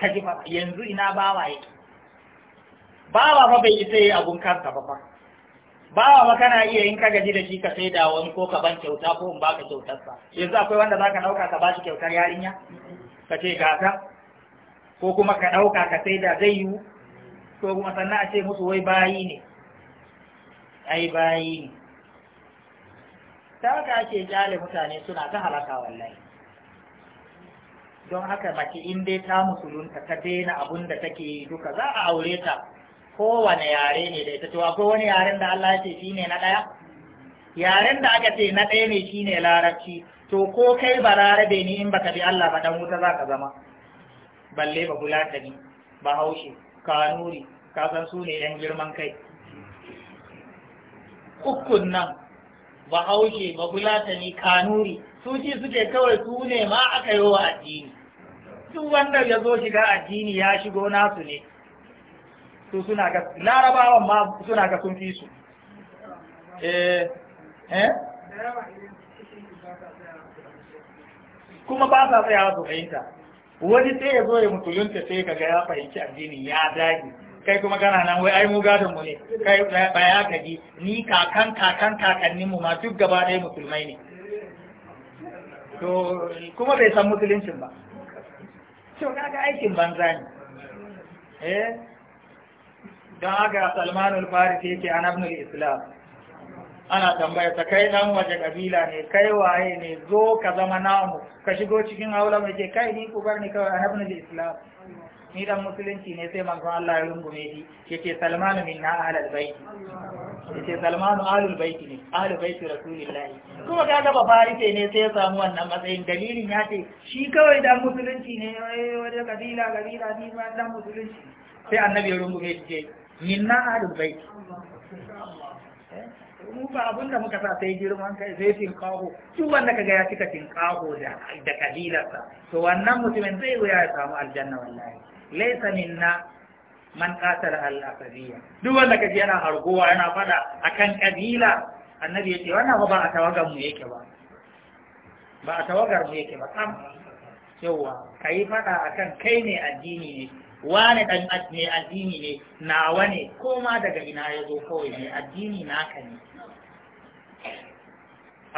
ka ji ba yanzu ina bawa yake bawa fa bai isa yi abun kanka ba fa bawa fa kana iya yin ka gaji da shi ka sai da wani ko ka ban kyauta ko in baka kyautar sa yanzu akwai wanda zaka dauka ka bashi kyautar yarinya ka ce gasa ko kuma ka dauka ka sai da zai yiwu ko kuma sannan a ce musu wai bayi ne ai bayi ne ta haka ake jale mutane suna ta halaka wallahi don haka mace in dai ta musulunta ta daina abun da take yi duka za a aure ta kowane yare ne da ita to akwai wani yaren da Allah ya ce shine na ɗaya yaren da aka ce na ɗaya ne shine larabci to ko kai ba larabe ne in baka bi Allah ba dan wuta za ka zama balle ba fulatani ba haushe kanuri ka san su ne yan girman kai ukun nan ba haushe ba fulatani kanuri su ce suke kawai su ne ma aka yi wa addini duk wanda ya zo shiga addini ya shigo nasu ne su suna ga larabawan ma suna ga sun fi su eh, eh? kuma ba sa tsaya su fahimta wani sai ya zo ya mutulunta sai ka ya fahimci addini ya dage kai kuma kana nan wai ai mu gadon mu ne kai baya ka ji ni kakan kakan kakannin mu ma duk gaba ɗaya musulmai ne to kuma bai san musuluncin ba to kaga aikin banza ne eh don haka salmanul farisi yake an abnul islam ana tambaya ta kai nan waje kabila ne kai waye ne zo ka zama namu ka shigo cikin haula mai kai ni ku bar ni kawai an abnul islam ni dan musulunci ne sai manzon Allah ya rungume shi yake salmanu minna ahlul bait yake salmanu ahlul bait ne ahlul bait rasulullahi kuma ga gaba farise ne sai ya samu wannan matsayin dalilin ya ce shi kawai dan musulunci ne wata kabila kabila ni ma dan musulunci sai annabi ya rungume shi ce minna ahlul bait eh, mu ba abin da muka sa sai girman kai zai kaho duk wanda kaga ya cika tinkaho da da kabilarsa to wannan mutumin zai wuya ya samu aljanna wallahi laisa minna man qatala al aqabiyya duk wanda kaje yana hargowa yana fada akan kabila annabi yace wannan ba a tawagar mu yake ba ba a tawagar mu yake ba kam yawa kai fada akan kai ne addini ne Wane dan ne addini ne nawa ne koma daga ina ya zo kawai ne addini naka ne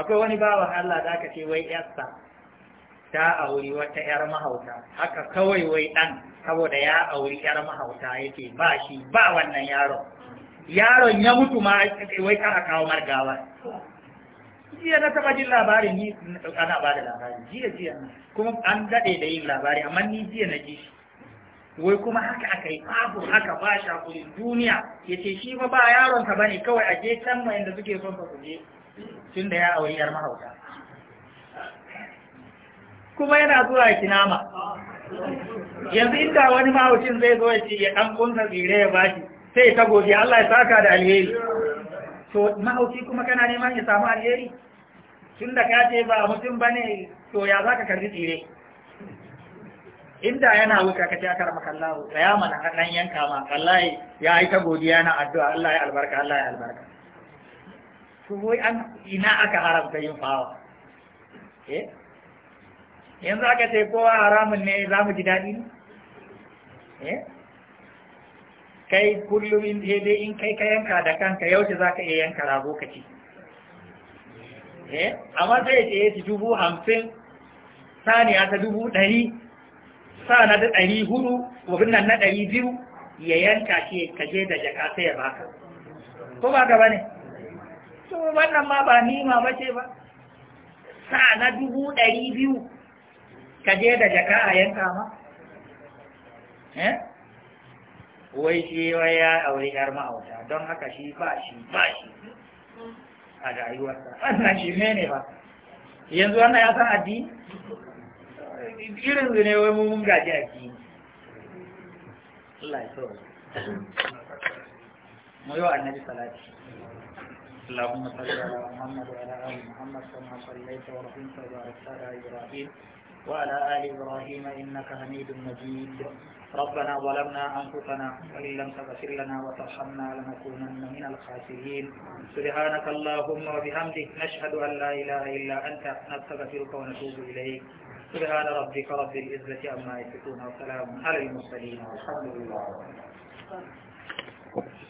akwai wani bawa Allah zaka ce wai yarsa ta auri wata yar mahauta haka kawai wai dan saboda ya auri yar mahauta yake ba shi ba wannan yaron yaron ya mutu ma wai kan a kawo margawa jiya na taba jin labarin ni ana ba da labari jiya jiya kuma an daɗe da yin labari amma ni jiya na ji wai kuma haka aka yi babu haka ba shi hakurin duniya ya ce shi ba ba yaron ba ne kawai a je can ma inda suke son su je tun da ya auri yar mahauta kuma yana zuwa kinama yanzu inda wani mahaucin zai zo shi ya ɗan ƙunsa tsire ya bashi sai ya tago Allah ya saka da alheri to mahauci kuma kana neman ya samu alheri tun da ka ce ba mutum ba ne to ya za ka karbi tsire inda yana wuka ka ta karma kallahu ya mana nan yanka ma Allah ya yi tagoji yana na addu'a Allah ya albarka Allah ya albarka to wai an ina aka haramta yin fawa eh yanzu aka ce kowa haramun ne za mu ji daɗi eh? kai kullum in daidai in kai ka yanka da kanka yaushe za ka iya yanka rago ka ci eh? amma sai ya ce dubu hamsin saniya ta dubu ɗari sa da ɗari hudu wabin nan na ɗari biyu ya yanka shi ka je da jaka sai ya baka ko ba gaba ne to wannan ma ba nima ba ce ba sa na dubu ɗari biyu ka je da jaka a yanka ma eh wai shi wai ya aure yar ma'auta don haka shi ba shi ba shi a rayuwarsa wannan shi mene ba yanzu wannan ya san addini irin su ne wai mun gaji addini Allah ya so mu yi wa annabi salati اللهم صل على محمد وعلى ال محمد كما صليت ورحمت وباركت على ابراهيم وعلى آل إبراهيم إنك حميد مجيد ربنا ظلمنا أنفسنا وإن لم تغفر لنا وترحمنا لنكونن من الخاسرين سبحانك اللهم وبحمدك نشهد أن لا إله إلا أنت نستغفرك ونتوب إليك سبحان ربك رب العزة عما يصفون وسلام على المرسلين والحمد لله